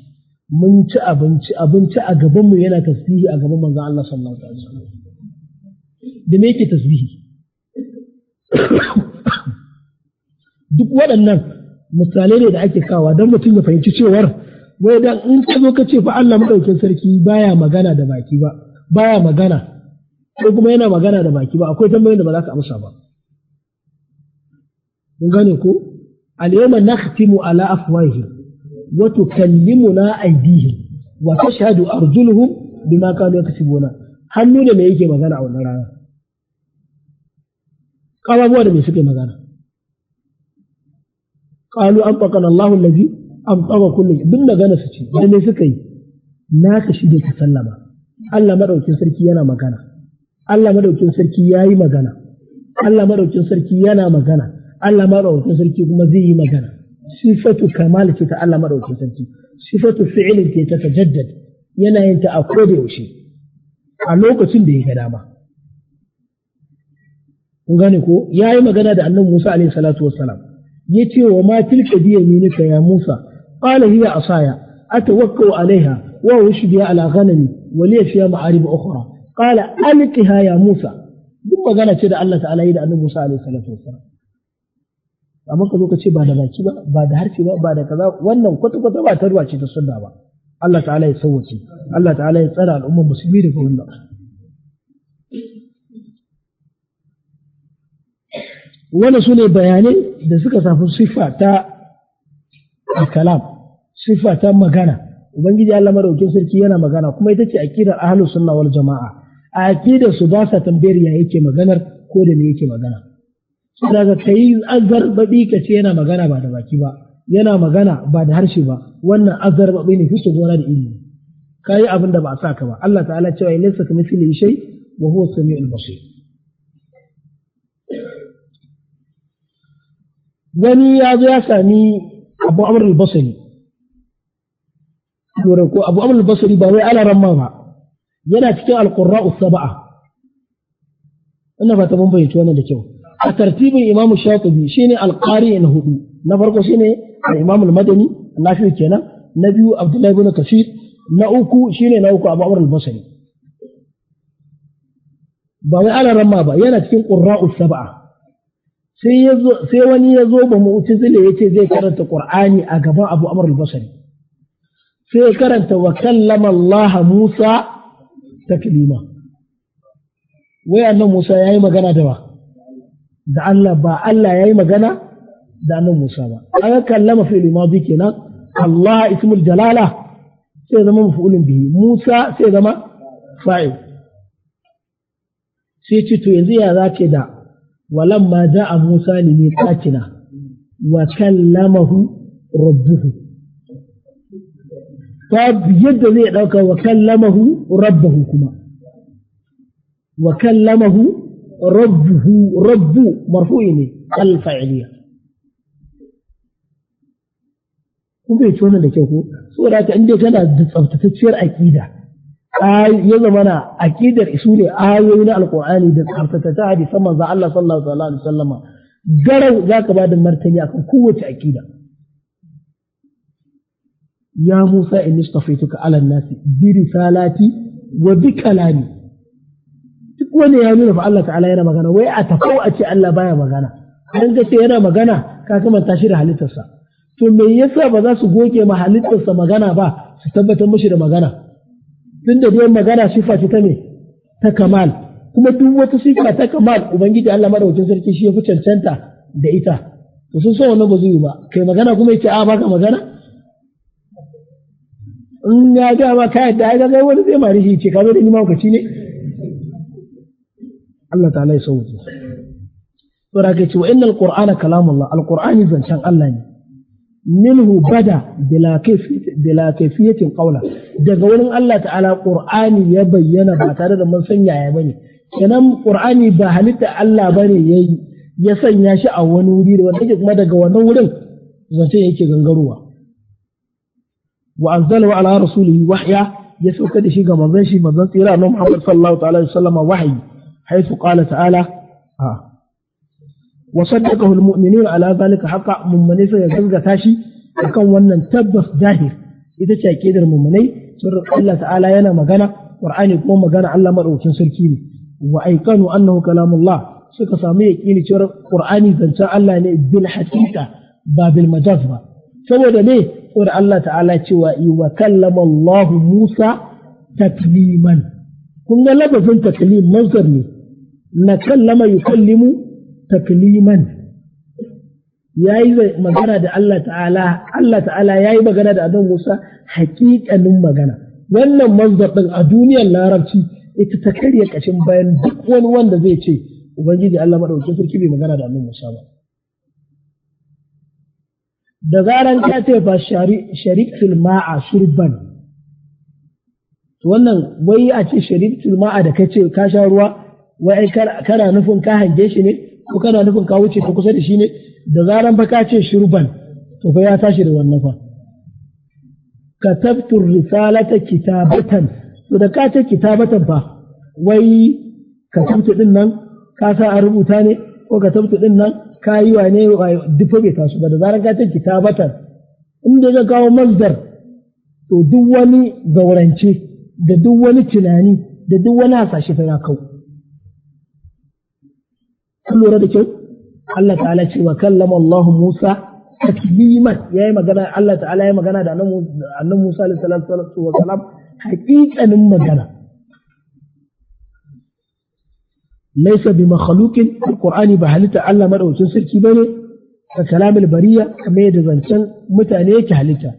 mun ci abinci abinci a gaban mu yana tasbihi a gaban manzon Allah sallallahu alaihi wasallam da me yake tasbihi duk waɗannan misalai ne da ake kawa don mutum ya fahimci cewar wai dan in ka zo ka ce fa Allah madaukin sarki baya magana da baki ba baya magana ko kuma yana magana da baki ba akwai tambayoyin da ba za ka amsa ba kun gane ko al na nakhtimu ala afwahi wa na aidihi wa tashhadu arjuluhum bima kanu yaksubuna hannu da me yake magana a wannan rana kababuwa da me suke magana qalu anfaqana Allahu allazi amtara kullu bin magana su ce da me suka yi Na ka da ka sallama Allah madaukin sarki yana magana Allah madaukin sarki yayi magana Allah madaukin sarki yana magana Allah madaukakin sarki kuma zai yi magana sifatu kamal ce ta Allah madaukakin sarki sifatu fi'lin ce ta tajaddad yana yin ta a koda yaushe a lokacin da ya ga dama kun gane ko ya yi magana da annabi Musa alaihi salatu wassalam ce wa ma tilka bi yaminika ya Musa qala hiya asaya atawakkau alaiha wa ushbi ala ghanami wa li fiha ma'arib ukhra qala alqiha ya Musa duk magana ce da Allah ta'ala yi da annabi Musa alaihi salatu wassalam amma ka zo ka ce ba da baki ba ba da harfi ba ba da kaza wannan kwata kwata ba tarwa ce ta sunna ba Allah ta'ala ya sauwace Allah ta'ala ya tsara al'ummar musulmi daga wannan wannan su ne bayanai da suka safi sifa ta kalam sifa ta magana ubangiji Allah madaukin sarki yana magana kuma ita ce aqidar ahlus sunna wal jamaa a aqidar su ba sa tambayar ya yake maganar ko da me yake magana daga ka yi azarbabi ka ce yana magana ba da baki ba yana magana ba da harshe ba wannan azar baɓi ne fito gona da ilimi ka yi abin da ba a sa ka ba Allah ta'ala cewa ya laysa ka misli shai, wa huwa samiul basir wani ya zo ya sami Abu amur albasari basri ko Abu Amr al-Basri ba wai ala ma ba yana cikin al-qurra'u sab'a ina ba ta mun bayyana wannan da kyau a tartibin imam shafi'i shine alqari na hudu na farko shine imam al-madani nafi kenan na biyu abdullahi ibn kasir na uku shine na uku abu al-basri ba wai ana ramma ba yana cikin qurra'u sab'a sai yazo sai wani yazo ba mu'tazila yace zai karanta qur'ani a gaban abu amr al-basri sai karanta wa kallama Allah Musa taklima wai annabi Musa yayi magana da wa da Allah ba Allah ya yi magana da annabi Musa ba aka kallama fi'il ke kenan Allah ismul jalala sai zama ulin bihi Musa sai zama fa'il sai ce to yanzu ya zace da za a Musa ne limiqatina wa kallamahu rabbuhu ta yadda zai ɗauka wa kallamahu rabbahu kuma wa kallamahu rabbuhu rabbu marfu'i ne al-fa'iliya kun bai tona da kyau ko saboda haka inda kana da tsaftatacciyar aqida ya zama na aqidar isu ne ayoyi na alqur'ani da tsaftatacce san manzo Allah sallallahu alaihi wasallam garau zaka bada martani akan kowace aqida ya Musa in istafituka ala nasi bi risalati wa bi kalami wani ya nuna fa Allah ta'ala yana magana wai a tafau a ce Allah baya magana an ga ce yana magana ka kuma tashi da halittarsa to me yasa ba za su goge ma halittarsa magana ba su tabbatar mishi da magana tun da dai magana sifa ce ta ne? ta kamal kuma duk wata sifa ta kamal ubangiji Allah madaukakin sarki shi ya fi cancanta da ita to sun so wannan ba zai yi ba kai magana kuma yake a baka magana in ya ga ba kai da ai ga wani zai mari shi ce ka zo da ni ma ne Allah ta'ala ya sauke Tura ke ce wa innal qur'ana kalamullah alqur'ani zancen Allah ne minhu bada bila kayfiyati bila kayfiyatin qawla daga wurin Allah ta'ala qur'ani ya bayyana ba tare da mun san yaya bane kenan qur'ani ba halitta Allah bane yayi ya sanya shi a wani wuri da wanda kuma daga wannan wurin zance yake gangarowa wa anzala ala rasulihi wahya ya sauka da shi ga manzon shi manzon tsira Muhammad sallallahu alaihi wasallam حيث قال تعالى آه. وصدقه المؤمنون على ذلك حقا من من يزنغ تاشي akan wannan tabbas zahir ita ce akidar mummunai sun Allah ta'ala yana magana qur'ani kuma magana Allah madaukakin sarki ne wa aikanu annahu kalamullah suka samu yaqini cewa qur'ani zancen Allah ne bil haqiqa ba bil ba saboda me saboda Allah ta'ala cewa wa kallama Allah Musa takliman kun ga lafazin taklim mazhar ne na kallama yukallimu takliman yayi magana da Allah ta'ala Allah ta'ala magana da Adam Musa hakikanin magana wannan manzar din a duniyar larabci ita ta karya kashin bayan duk wani wanda zai ce ubangiji Allah madaukakin sarki bai magana da Annabi Musa ba da zaran ka ce fa shariqtul ma'a shurban wannan wai a ce shariqtul ma'a da kace ka sha ruwa wai kana nufin ka hange shi ne ko kana nufin ka wuce ka kusa da shi ne da zaran ba ka ce shurban to fa ya tashi da wannan fa katabtu risalata kitabatan to da ka ce kitabatan fa wai katabtu din nan ka sa a rubuta ne ko katabtu din nan ka yi wa ne duk bai tashi ba da zaran ka ce kitabatan in da ka kawo masdar to duk wani gaurance da duk wani tunani da duk wani hasashe fa ya kawo kun lura da kyau Allah ta'ala ce wa kallama Allah Musa takliman yayi magana Allah ta'ala yayi magana da annabi Musa alaihi salatu wa salam haƙiƙanin magana laisa bi makhluqin alqur'ani ba halitta Allah madaukin sarki bane ka kalamul bariya kamar da zancen mutane yake halitta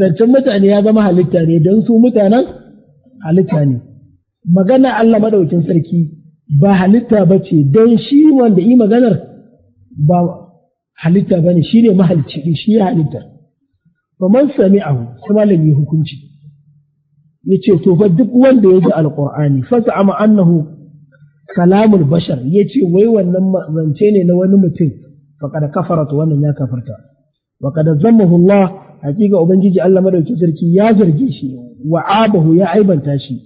zancen mutane ya zama halitta ne don su mutanen halitta ne magana Allah madaukin sarki ba halitta ba ce don shi wanda yi maganar ba halitta ba ne shi ne mahalicci shi ya halitta ba man sami abu sai malami hukunci ya ce to fa duk wanda ya ji alƙur'ani fasa ama annahu kalamul bashar ya ce wai wannan zance ne na wani mutum kada kafara to wannan ya kafarta faƙada zammahu Allah hakika ubangiji Allah madauki sarki ya zarge shi wa abahu ya aibanta shi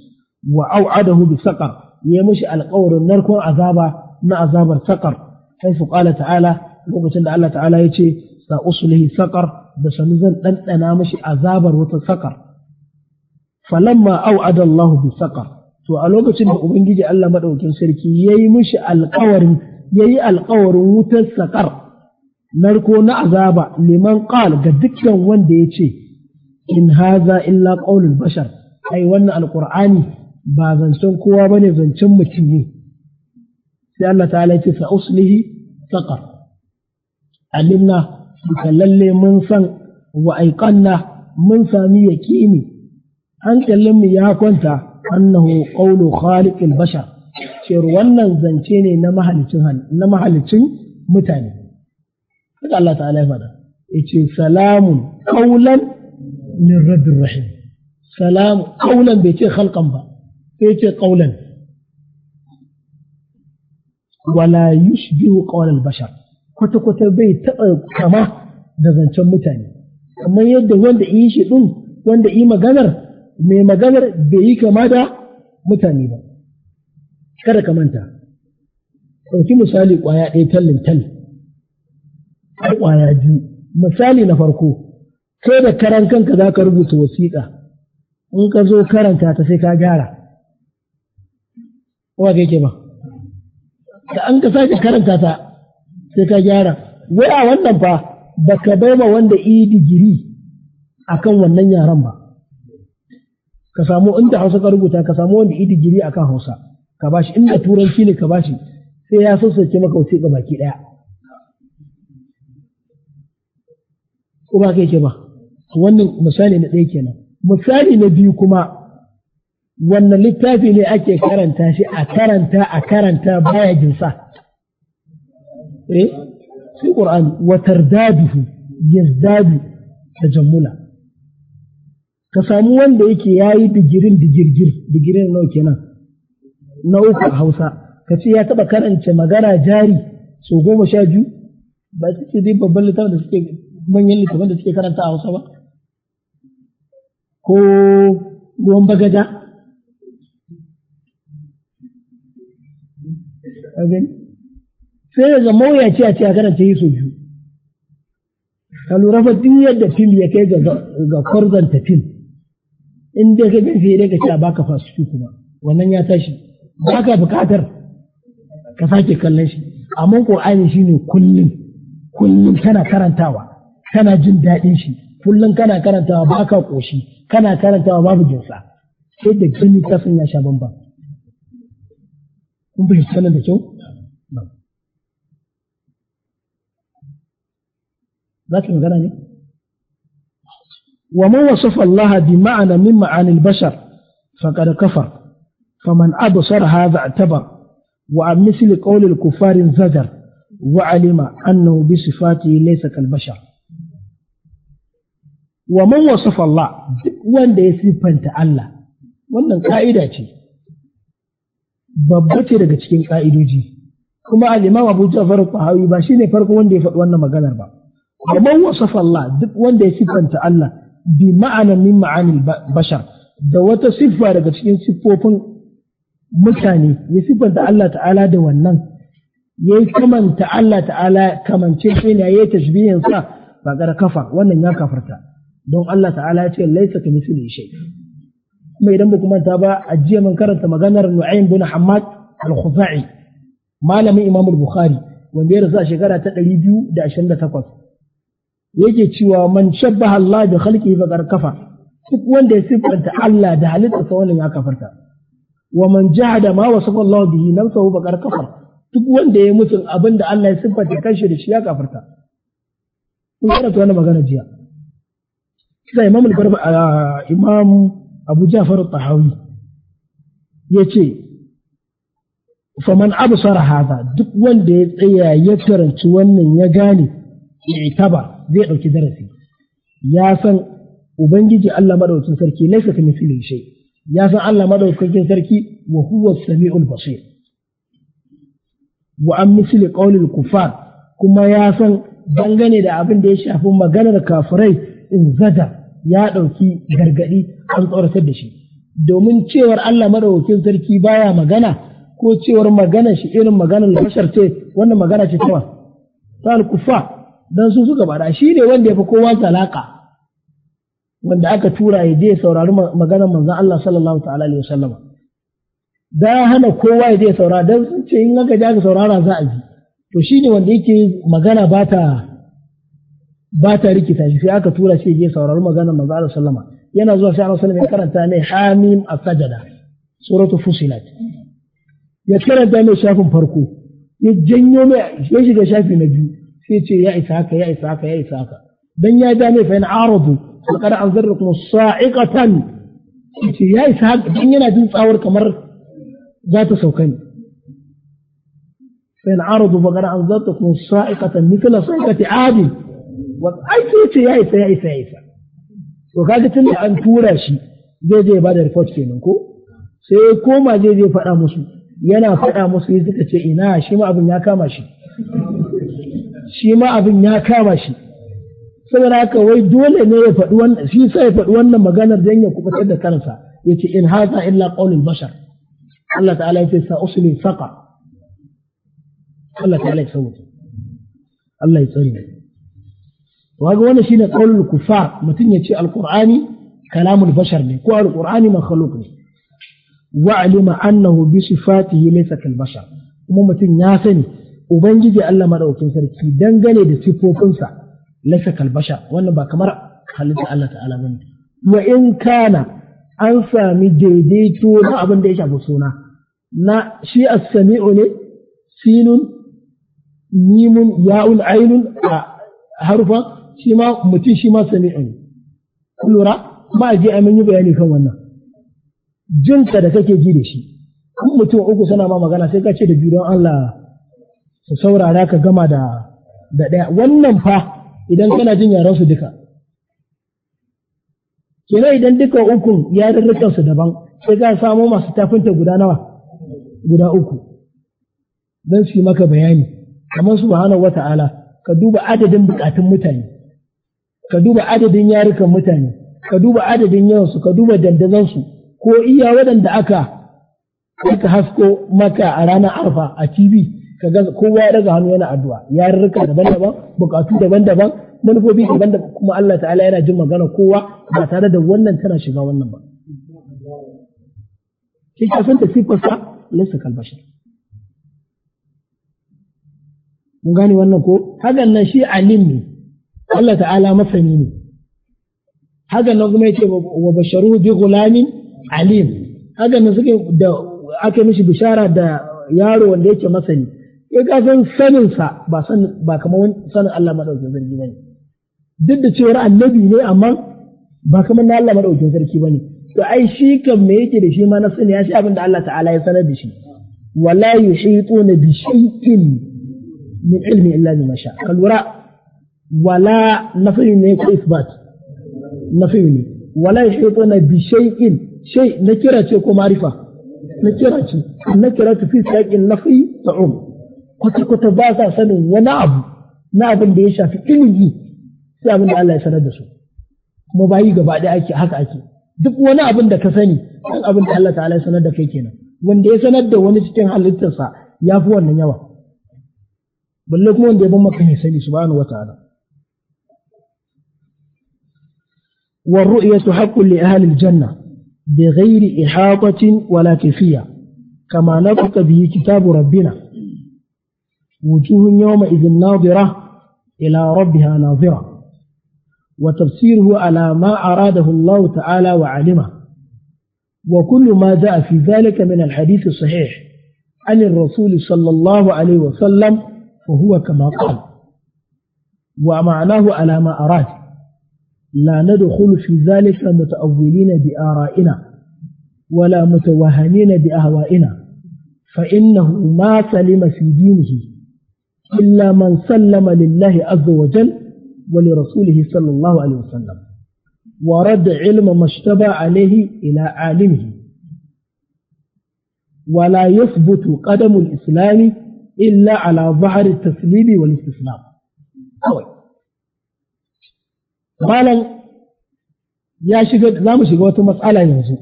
wa au'adahu bi saqar ya mishi alƙawarin narkon azaba na azabar saƙar haifu ƙala ta'ala lokacin da Allah ta'ala ya ce sa usulihi saƙar da sanu zan ɗanɗana mishi azabar wata saƙar falamma au Allah bi saƙar to a lokacin da ubangiji Allah madaukakin sarki yayi mishi alƙawarin yayi alƙawarin wutar saƙar narko na azaba liman qal ga dukkan wanda ya ce in haza illa qaulul bashar ai wannan alqur'ani ba zancen kowa ba ne zancen mutum ne sai Allah ta'ala ya ce sa uslihi saqar alimna duka lalle mun san wa aiqanna mun sami yaqini hankalin mu ya kwanta annahu qawlu khaliqil bashar cewar wannan zance ne na mahalicin na mahalicin mutane haka Allah ta'ala ya faɗa yace salamun qawlan min rabbir rahim salamu qawlan bai ce khalqan ba sai ce ƙaunan wala yushbihu qawl al-bashar kwata kwata bai taɓa kama da zancen mutane kamar yadda wanda yi shi din wanda yi maganar mai maganar bai yi kama da mutane ba kada ka manta ɗauki misali ƙwaya ɗaya tallin tal har ƙwaya biyu misali na farko kai da karan kanka za ka rubuta wasiƙa in ka zo karanta ta sai ka gyara kuma ga yake ba da an ka sake karanta ta sai ka gyara wai a wannan fa ka bai ma wanda i e digiri a kan wannan yaran ba ka samu inda Hausa ka rubuta ka samu wanda i e digiri akan Hausa ka shi inda turanci ne ka bashi sai ya sassauce maka wasiƙa baki ɗaya ko ba ka yake ba wannan misali na ɗaya kenan misali na biyu kuma wannan littafi ne ake karanta shi a karanta a karanta baya jinsa eh sai dadu ya tardaduhu da jammula. ka samu wanda yake ya yi digirin digirgir digirin nawa kenan na uku a Hausa ka ce ya taba karanta magana jari so goma sha biyu ba su ce dai babban littafin da suke manyan littafin da suke karanta a Hausa ba ko ruwan bagaja sai gani sai daga mawuyaci a ce a ta yi sau biyu ka lura fa duk yadda fim ya kai ga kwarzanta fim Inda dai ka gafe dai ka ce a baka fasitu kuma wannan ya tashi ba ka bukatar ka sake kallon shi amma shi ne kullum kullum kana karantawa kana jin daɗin shi kullum kana karantawa ba ka koshi kana karantawa babu jinsa sai da gani kasan sanya sha bambam kun fahimci wannan da kyau za ki magana ne wa wasafa Allah bi ma'ana min ma'ani bashar faqad kafar faman absara a atabar wa zagar, قول الكفار زجر وعلم أنه بصفاته ليس bashar. wa man wasafa Allah duk wanda ya sifanta Allah wannan ka'ida ce babba ce daga cikin ƙa'idoji, kuma al-imam Abu Ja'far al ba ba shine farko wanda ya faɗi wannan maganar ba Amma wasu Allah duk wanda ya sifanta Allah bi ma'ana min ma'anil bashar da wata siffa daga cikin siffofin mutane ya siffanta Allah ta'ala da wannan ya yi kamanta Allah ta'ala kamance shi ne ya yi tashbihin sa ba kafa wannan ya kafarta don Allah ta'ala ya ce laisa ka misli shay kuma idan ba ku manta ba a jiya mun karanta maganar Nu'aym bin Hammad al-Khuzai malamin Imam al-Bukhari wanda ya rasu a shekara ta 228 yake cewa man shabbaha Allah bi khalqihi faqad kafa duk wanda ya siffanta Allah da halittarsa wannan ya kafarta wa man jahada ma wasafa Allah bihi nafsuhu faqad kafar duk wanda ya mutun abin da Allah ya siffanta kanshi da shi ya kafarta kun karanta wannan magana jiya sai Imam al-Bukhari Imam abu ja'far tahawi ya ce faman absara haza duk wanda ya tsaya ya taranci wannan ya gane i'taba zai ɗauki darasi ya san ubangiji Allah madaukakin sarki kan kamithlihi shai. ya san Allah madaukakin sarki wa huwa samiul basir wa an misli qawlil kufar kuma ya san dangane da abin da ya shafi maganar kafirai in zada ya ɗauki gargaɗi an tsoratar da shi domin cewar Allah madaukakin sarki baya magana ko cewar magana shi irin maganar lafashar ce wannan magana ce ta ta al-kufa dan su suka bada shi ne wanda ya fi kowa talaka wanda aka tura ya je saurari maganar manzon Allah sallallahu ta'ala alaihi wasallama da hana kowa ya je saurara dan sun ce in aka je aka saurara za a ji to shi ne wanda yake magana ba ta ba ta rikita shi sai aka tura shi je saurari maganar manzo Allah sallama yana zuwa sai Allah sallama ya karanta ne hamim as-sajada suratu fusilat ya karanta mai shafin farko ya janyo mai ya shiga shafi na biyu sai ce ya isa haka ya isa haka ya isa haka dan ya da mai fa in aradu laqad anzarakum sa'iqatan ce ya isa haka dan yana jin tsawar kamar za ta sauka ne fa in aradu faqad anzartukum sa'iqatan mithla sa'iqati adin ai sai ce ya isa ya isa ya isa to kaga tunda an tura shi zai je ba da report kenan ko sai ya koma zai je faɗa musu yana faɗa musu ya suka ce ina shi ma abin ya kama shi shi ma abin ya kama shi saboda haka wai dole ne ya faɗi wannan shi sai ya faɗi wannan maganar dan ya kubutar da kansa yace in haza illa qaulul bashar Allah ta'ala yace sa usli saqa Allah ta'ala ya sauke Allah ya tsare waga wannan shine qaulul kufar mutum ya ce alqur'ani kalamul bashar ne ko alqur'ani makhluq ne wa alima annahu bi sifatihi laysa kal bashar kuma mutum ya sani ubangiji Allah madaukin sarki dangane da sifofinsa laysa kal bashar wannan ba kamar halitta Allah ta'ala bane wa in kana an sami daidaito na abin da ya shafi suna na shi as-sami'u ne sinun mimun ya'un ainun a harufan. shi ma mutum shi ma sami ne kun lura ba je a yi bayani kan wannan jinta da kake ji da shi kun mutum uku suna ma magana sai ka ce da biyu don Allah su saurara ka gama da ɗaya wannan fa idan kana jin yaran su duka kenan idan duka ukun yarurrukan su daban sai ka samo masu tafinta guda nawa guda uku don su yi maka bayani kamar subhanahu wata'ala ka duba adadin bukatun mutane ka duba adadin yarukan mutane ka duba adadin yawansu ka duba dandazansu ko iya waɗanda aka aka hasko maka a ranar arfa a tv ka ga kowa ya daga hannu yana addu'a yarurruka daban-daban bukatu daban-daban manufofi daban-daban kuma Allah ta'ala yana jin magana kowa ba tare da wannan tana shiga wannan ba shi ka san sifarsa lissa kalbashir mun gane wannan ko Hagan nan shi alim ne Allah ta'ala masani ne haka nan kuma yake wa basharu bi gulamin alim haka nan suke da aka mishi bishara da yaro wanda yake masani ya ga san sanin sa ba san ba kamar sanin Allah madaukakin sarki bane duk da cewa annabi ne amma ba kamar na Allah madaukakin sarki bane to ai shi kan me yake da shi ma na sani ya shi abin da Allah ta'ala ya sanar da shi wala yuhituna bi shay'in min ilmi illa bima sha kalura wala nafi ne ko isbat nafi ne wala yahituna bi shay'in shay na kira ce ko marifa na kira ce na kira ce fi saqin nafi ta'um kwata kwata ba sa sanin wani abu na abin da ya shafi ilimi sai abin da Allah ya sanar da su kuma bayi gaba ɗaya ake haka ake duk wani abin da ka sani kan abin da Allah ta'ala ya sanar da kai kenan wanda ya sanar da wani cikin halittarsa ya fi wannan yawa balle kuma wanda ya bin maka ya sani subhanahu wa ta'ala والرؤية حق لأهل الجنة بغير إحاطة ولا كفية كما نطق به كتاب ربنا وجوه يومئذ ناظرة إلى ربها ناظرة وتفسيره على ما أراده الله تعالى وعلمه وكل ما جاء في ذلك من الحديث الصحيح عن الرسول صلى الله عليه وسلم فهو كما قال ومعناه على ما أراد لا ندخل في ذلك متأولين بآرائنا ولا متوهمين بأهوائنا فإنه ما سلم في دينه إلا من سلم لله عز وجل ولرسوله صلى الله عليه وسلم ورد علم ما اشتبى عليه إلى عالمه ولا يثبت قدم الإسلام إلا على ظهر التسليم والاستسلام أوي malam ya shiga za mu shiga wata matsala yanzu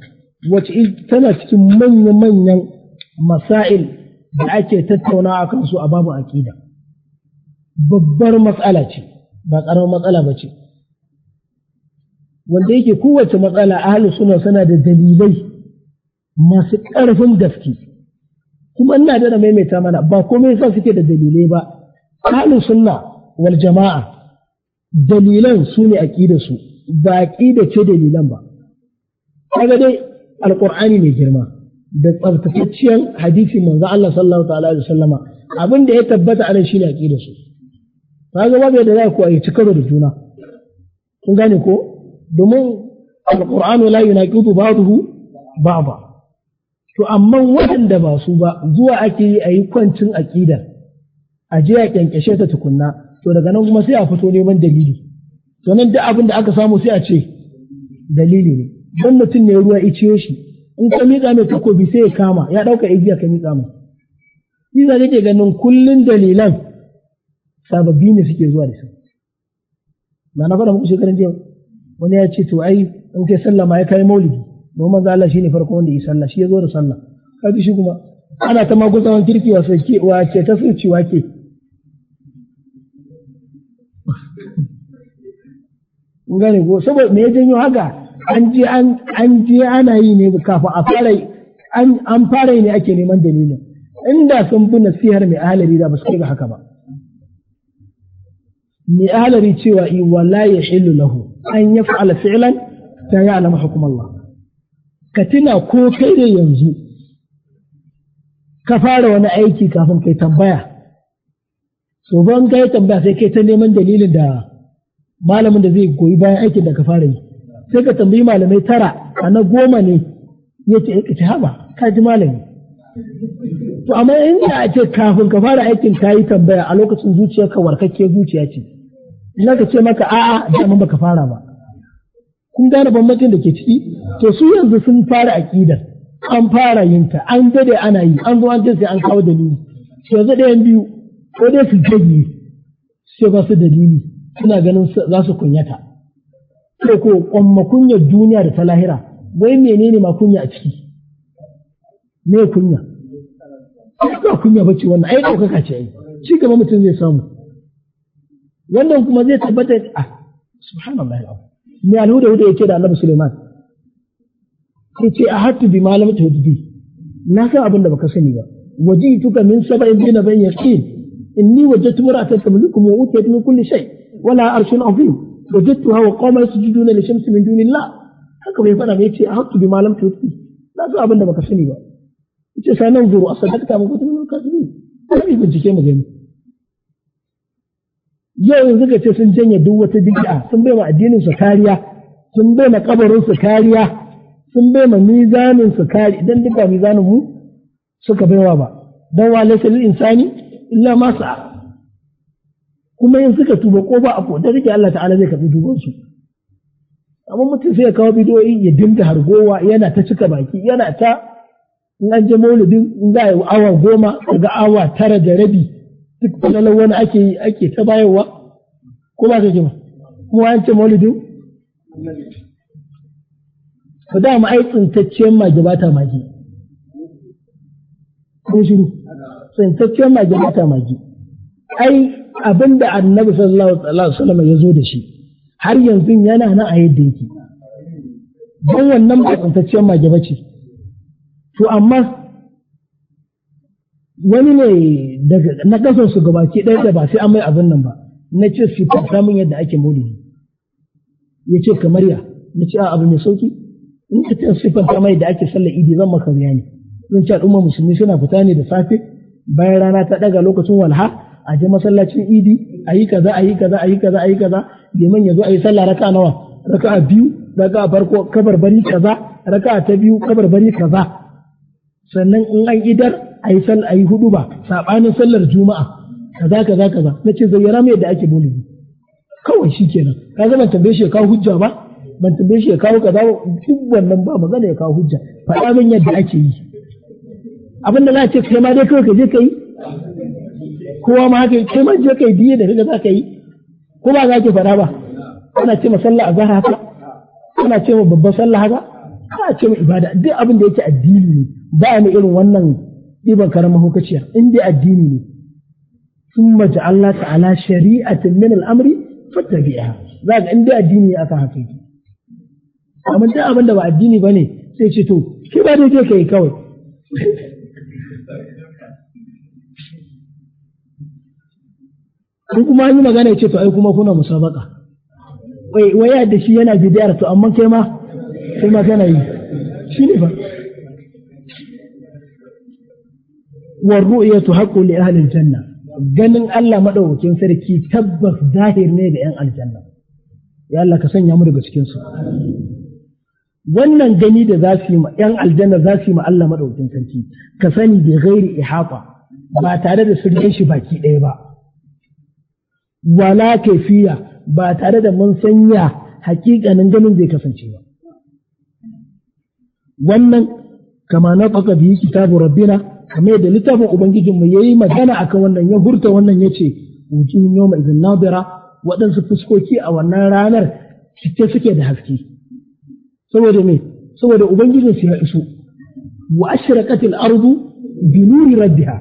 wacce tana cikin manya-manyan masail da ake tattaunawa akan su a babu aƙida babbar matsala ce ba ƙaramar matsala ba ce wanda yake kowace matsala ahalus suna suna da dalilai masu ƙarfin gaske kuma ina da maimaita mana ba komai sa suke da dalilai ba ahalus sunna wal jama'a dalilan su ne aqidar su ba ƙida ce dalilan ba kaga dai Alƙur'ani mai girma da tsabtatacciyar hadisi manzo Allah sallallahu ta'ala alaihi sallama abin da ya tabbata anan shine aqidar su kaga ba da zai ko a ci karo da juna kun gane ko domin alqur'anu la yunaqidu ba'dahu ba'da to amma waɗanda ba su ba zuwa ake yi a yi kwancin aƙidar a je a kyankyashe ta tukunna to daga nan kuma sai a fito neman dalili to nan duk abin da aka samu sai a ce dalili ne don mutum ne ruwa ciyo shi in ka miƙa mai takobi sai ya kama ya ɗauka igiya ka miƙa mai shi za ke ganin kullun dalilan sababbi ne suke zuwa da su na na faɗa muku shekarun jiya wani ya ce to ai in kai sallah ma ya kai maulidi don manzo Allah shine farko wanda yi sallah shi ya zo da sallah kaji shi kuma ana ta maguzawan kirki wa sai ke wa ke ta suci wa ke in gane ko saboda me yaje yau haka an ji an an ji ana yi ne kafin a fara an an fara ne ake neman dalilin inda sun bi nasihar mai ahalari da ba su kai ga haka ba mai ahalari cewa i wallahi ya hillu lahu an ya fa'ala fi'lan ta ya alama hukum Allah ka tuna ko kai da yanzu ka fara wani aiki kafin kai tambaya so ban kai tambaya sai kai ta neman dalilin da malamin da zai goyi bayan aikin da ka fara yi sai ka tambayi malamai tara a na goma ne ya ce ka ci haba ka ji malami to amma in ya ce kafin ka fara aikin ka yi tambaya a lokacin zuciyar ka warkakke zuciya ce ina ka ce maka a'a da mun baka fara ba kun gane bambancin da ke ciki to su yanzu sun fara aqidar an fara yin ta an dade ana yi an zo an ce sai an kawo dalili yanzu 'yan biyu ko dai su ni, sai ba su dalili suna ganin za su kunyata Kai ko kwamma kunyar duniya da ta lahira wai menene ma kunya a ciki me kunya ba kunya ba ce wannan ai ɗaukaka ce ai shi gaba mutum zai samu wannan kuma zai tabbata a ah, subhanallah al'azim me alhuda huda yake da annabi suleiman sai ce a hatu bi malam bi. na san abin da baka sani ba waji tuka min in bi nabayin yaqin inni wajadtu mar'atan tamlikum wa utiyat min kulli shay' wala arshin azim wajadtuha wa qauma yasjuduna li shamsi min dunillah haka bai fada bai ce a hakku bi malam tuti na zo abin da baka sani ba yace sai nan zuru asadakta mun kuma mun kasbi sai bincike mu gani yau yanzu ka ce sun janye duk wata bid'a sun bai ma addinin su kariya sun bai ma kabarin su kariya sun bai ma mizanin su kariya dan duka mizanin mu suka baiwa ba dan wa laysa lil insani illa ma sa'a kuma in suka tuba ko ba a kodar rike Allah ta'ala zai karbi su. amma mutum sai ya kawo bidiyoyi ya dinga hargowa yana ta cika baki yana ta in an je maulidin in za a yi awa goma daga awa tara da rabi duk falalar wani ake yi ake ta bayarwa ko ba ka kima kuma an ce maulidin ku da mage bata mage shiru tsintacciyar mage mage ai abin da annabi sallallahu alaihi wasallam ya zo da shi har yanzu yana nan a yadda yake don wannan ba tsantacciyar mage ba ce to amma wani ne daga na kasan su gabaki ɗaya da ba sai an mai abin nan ba na ce su samun yadda ake maulidi ya ce kamar ya na ce a abu mai sauki in ka ce siffanta mai da ake sallar idi zan maka bayani zan ce al'umma musulmi suna fita ne da safe bayan rana ta ɗaga lokacin walha a je masallacin idi a yi kaza a yi kaza a yi kaza a yi kaza liman ya zo a yi sallah raka nawa raka biyu raka farko bari kaza raka ta biyu bari kaza sannan in an idar a yi sallah a yi hudu ba sabanin sallar juma'a kaza kaza kaza nace zayyara mai yadda ake maulidi kawai shikenan ka zama tambaye shi ka hujja ba ban tambaye shi ya kawo kaza duk wannan ba magana ya kawo hujja faɗa min yadda ake yi abin da za a ce kai ma dai kawai ka je ka yi kowa ma haka kai ma je kai biye da riga za ka yi ko ba za ki fara ba ana ce ma sallah azhar haka ana ce ma babban sallah haka ana ce ma ibada duk abin da yake addini ne ba ni irin wannan ibn karamar hukaciya in dai addini ne thumma Allah ta'ala shari'atan min al-amri za zaka in dai addini ne aka haka amma duk abin da ba addini bane sai ce to ki ba dai je kai kawai in kuma an yi magana ya ce to ai kuma kuna musabaka wai waya da shi yana bidiyar to amma kai ma kai ma kana yi shi ne fa wa ru'yatu haqqu li ahli aljanna ganin Allah madaukakin sarki tabbas zahir ne ga yan aljanna ya Allah ka sanya mu daga cikin su wannan gani da za su yi ma ‘yan aljanna za su yi ma Allah madaukakin sarki, ka sani bi ghairi ihata ba tare da sun shi baki ɗaya ba. wala kaifiya ba tare da mun sanya haƙiƙanin ganin zai kasance ba wannan kama na faka yi kitabu rabbina kamar yadda littafin ubangijinmu ya yi magana kan wannan ya hurta wannan ya ce wujin yau mai zin waɗansu fuskoki a wannan ranar cike suke da haske saboda me saboda su ya iso wa ashraqatil ardu bi nuri rabbiha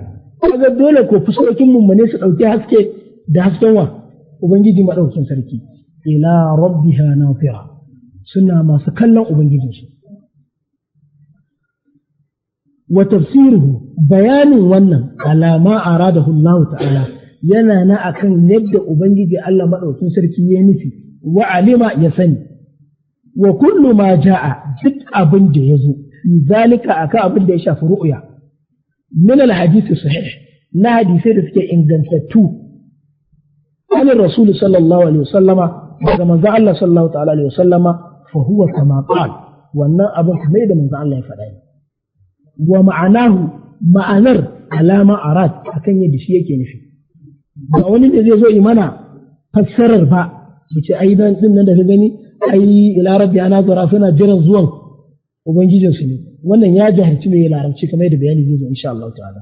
ga dole ko fuskokin mu ne su ɗauke haske da hasken wa ubangiji madaukakin sarki ila rabbiha nafira suna masu kallon ubangijin shi wa tafsiruhu bayanin wannan alama aradahu Allah ta'ala yana na akan yadda ubangiji Allah maɗaukin sarki ya nufi wa alima ya sani wa kullu ma jaa duk abin da ya zo zalika akan abin da ya shafi ru'ya min al hadisi sahih na hadisai da suke ingantattu عن الرسول صلى الله عليه وسلم daga manzo Allah sallallahu ta'ala alaihi wasallama fa huwa kama qal wannan abin kamar yadda manzo Allah ya faɗa ne wa ma'anahu ma'anar alama arad akan yadda shi yake nufi ba wani da zai zo mana fassarar ba yace ai dan din nan da ka gani ai ila rabbi ana zara suna jiran zuwan ubangijinsu ne wannan ya jahilci mai larabci kamar yadda bayani zai zo insha Allah ta'ala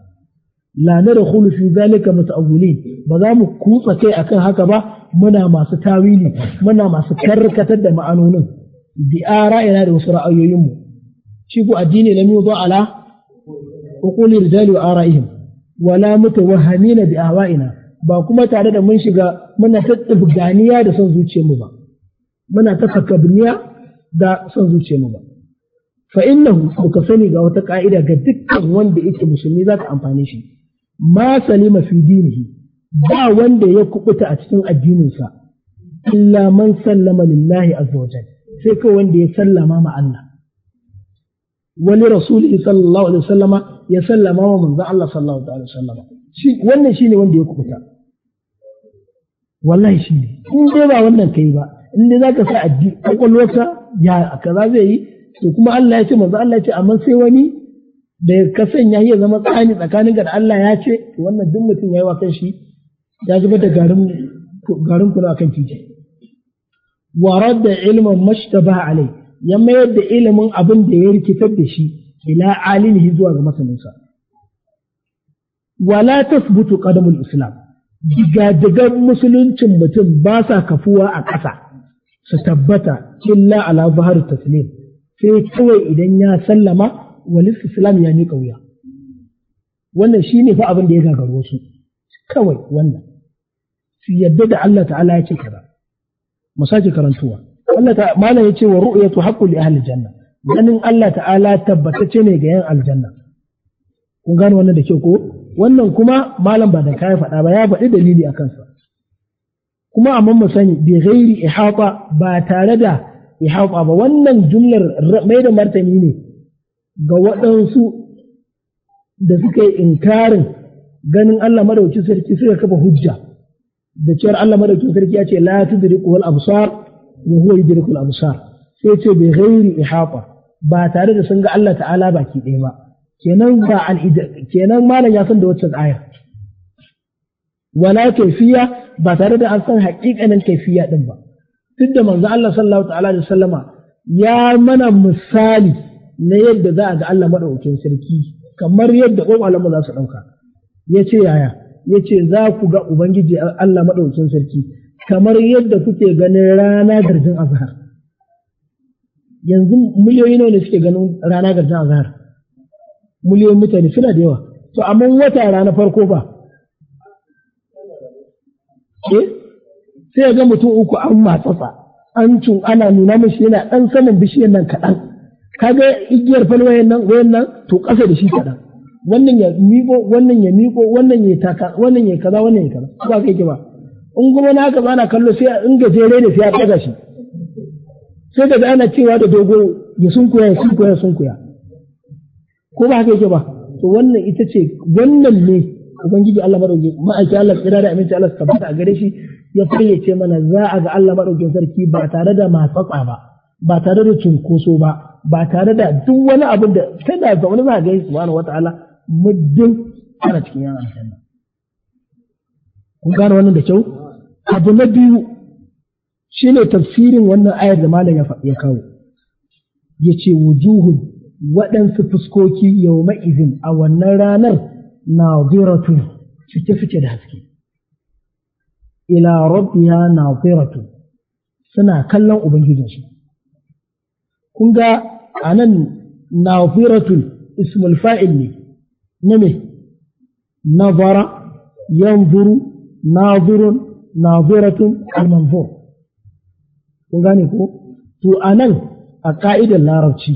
la nadkhulu fi zalika muta'awwilin ba za mu kutsa kai akan haka ba muna masu tawili muna masu karkatar da ma'anonin bi ara'ina da wasu ra'ayoyin mu shi ku addini lam yudu ala uquli rijali wa ara'ihim wala mutawahhamina bi ahwa'ina ba kuma tare da mun shiga muna tsibganiya da son zuciyar mu ba muna tafakkabiya da son zuciyar mu ba fa innahu ka sani ga wata ka'ida ga dukkan wanda yake musulmi za ka amfane shi ma salima fi dinihi ba wanda ya kubuta a cikin addininsa illa man sallama lillahi azza wa sai kawai wanda ya sallama ma Allah wani rasuli sallallahu alaihi wasallama ya sallama wa manzon Allah sallallahu alaihi wasallama shi wannan shine wanda ya kubuta wallahi shi ne in dai ba wannan kai ba in dai zaka sa addini kwakwalwarka ya kaza zai yi to kuma Allah ya ce manzo Allah ya ce amma sai wani da ka sanya ya zama tsani tsakanin da Allah ya ce wannan duk mutum ya yi wa kanshi ya zubar da garin garin akan titi Warar da ilimin mashtabaha alai ya mayar da ilimin abin da ya rikitar da shi ila alimihi zuwa ga masaninsa wala ta tasbutu qadamul islam digadigan musuluncin mutum ba sa kafuwa a ƙasa su tabbata illa ala zahar taslim sai kawai idan ya sallama walil islam ya miƙa wuya wannan shi ne fa abin da ya gagaro su kawai wannan su yadda da Allah ta'ala ya ce kaza mu sake karantuwa Allah ta mala ya ce wa ru'yatu haqqu li ahli janna ganin Allah ta'ala tabbatacce ne ga yan aljanna kun gane wannan da ke ko wannan kuma malam ba da kai faɗa ba ya faɗi dalili akan sa kuma amma mu sani bi ghairi ihata ba tare da ihata ba wannan jumlar mai da martani ne ga waɗansu da suka yi inkarin ganin Allah madaukakin sarki suka kafa hujja da cewar Allah madaukakin sarki ya ce la tudriku wal absar wa huwa yudriku al absar sai ce bi ghairi ihata ba tare da sun ga Allah ta'ala baki ɗaya ba kenan ba al kenan malam ya san da wacce aya wala kaifiya ba tare da an san haƙiƙanin kaifiya din ba duk da manzo Allah sallallahu ta'ala alaihi wasallama ya mana misali na yadda za a ga Allah maɗaukin sarki kamar yadda ƙwaƙwalanmu za su ɗauka ya ce yaya ya ce za ku ga Ubangiji Allah maɗaukin sarki kamar yadda kuke ganin rana garjin azhar yanzu miliyoyi nawa ne suke ganin rana garjin azhar miliyoyin mutane suna da yawa to amma wata rana farko ba eh sai ga mutum uku an matsatsa an cun ana nuna mashi yana ɗan saman bishiyar nan kaɗan kaga igiyar nan, wayan nan, to kasa da shi kada wannan ya miko wannan ya miko wannan ya taka wannan ya kaza wannan ya kaza ba kai ke ba in kuma na haka bana kallo sai in jere ne sai a daga shi sai da ana cewa da dogo ya sunkuya ya sunkuya ya sunkuya ko ba kai ke ba to wannan ita ce wannan ne ubangiji Allah madauki ma'aiki Allah kira da aminci Allah ka a gare shi ya fayyace mana za a ga Allah madaukin sarki ba tare da matsatsa ba ba tare da cinkoso ba ba tare da duk wani abin da sai da zaune za ga yi subhanahu wataala muddin ana cikin yana aljanna kun gane wannan da kyau abu na biyu shine tafsirin wannan ayar da malam ya kawo yace wujuhun waɗansu fuskoki yawma izin a wannan ranar na ziratu suke suke da haske ila rabbiha ziratu suna kallon ubangijinsu kun ga anan nan nafiratun ismul fa'il ne na me nazara yanzuru nazurun nafiratun al-manzur kun gane ko to anan nan a ka'idar larabci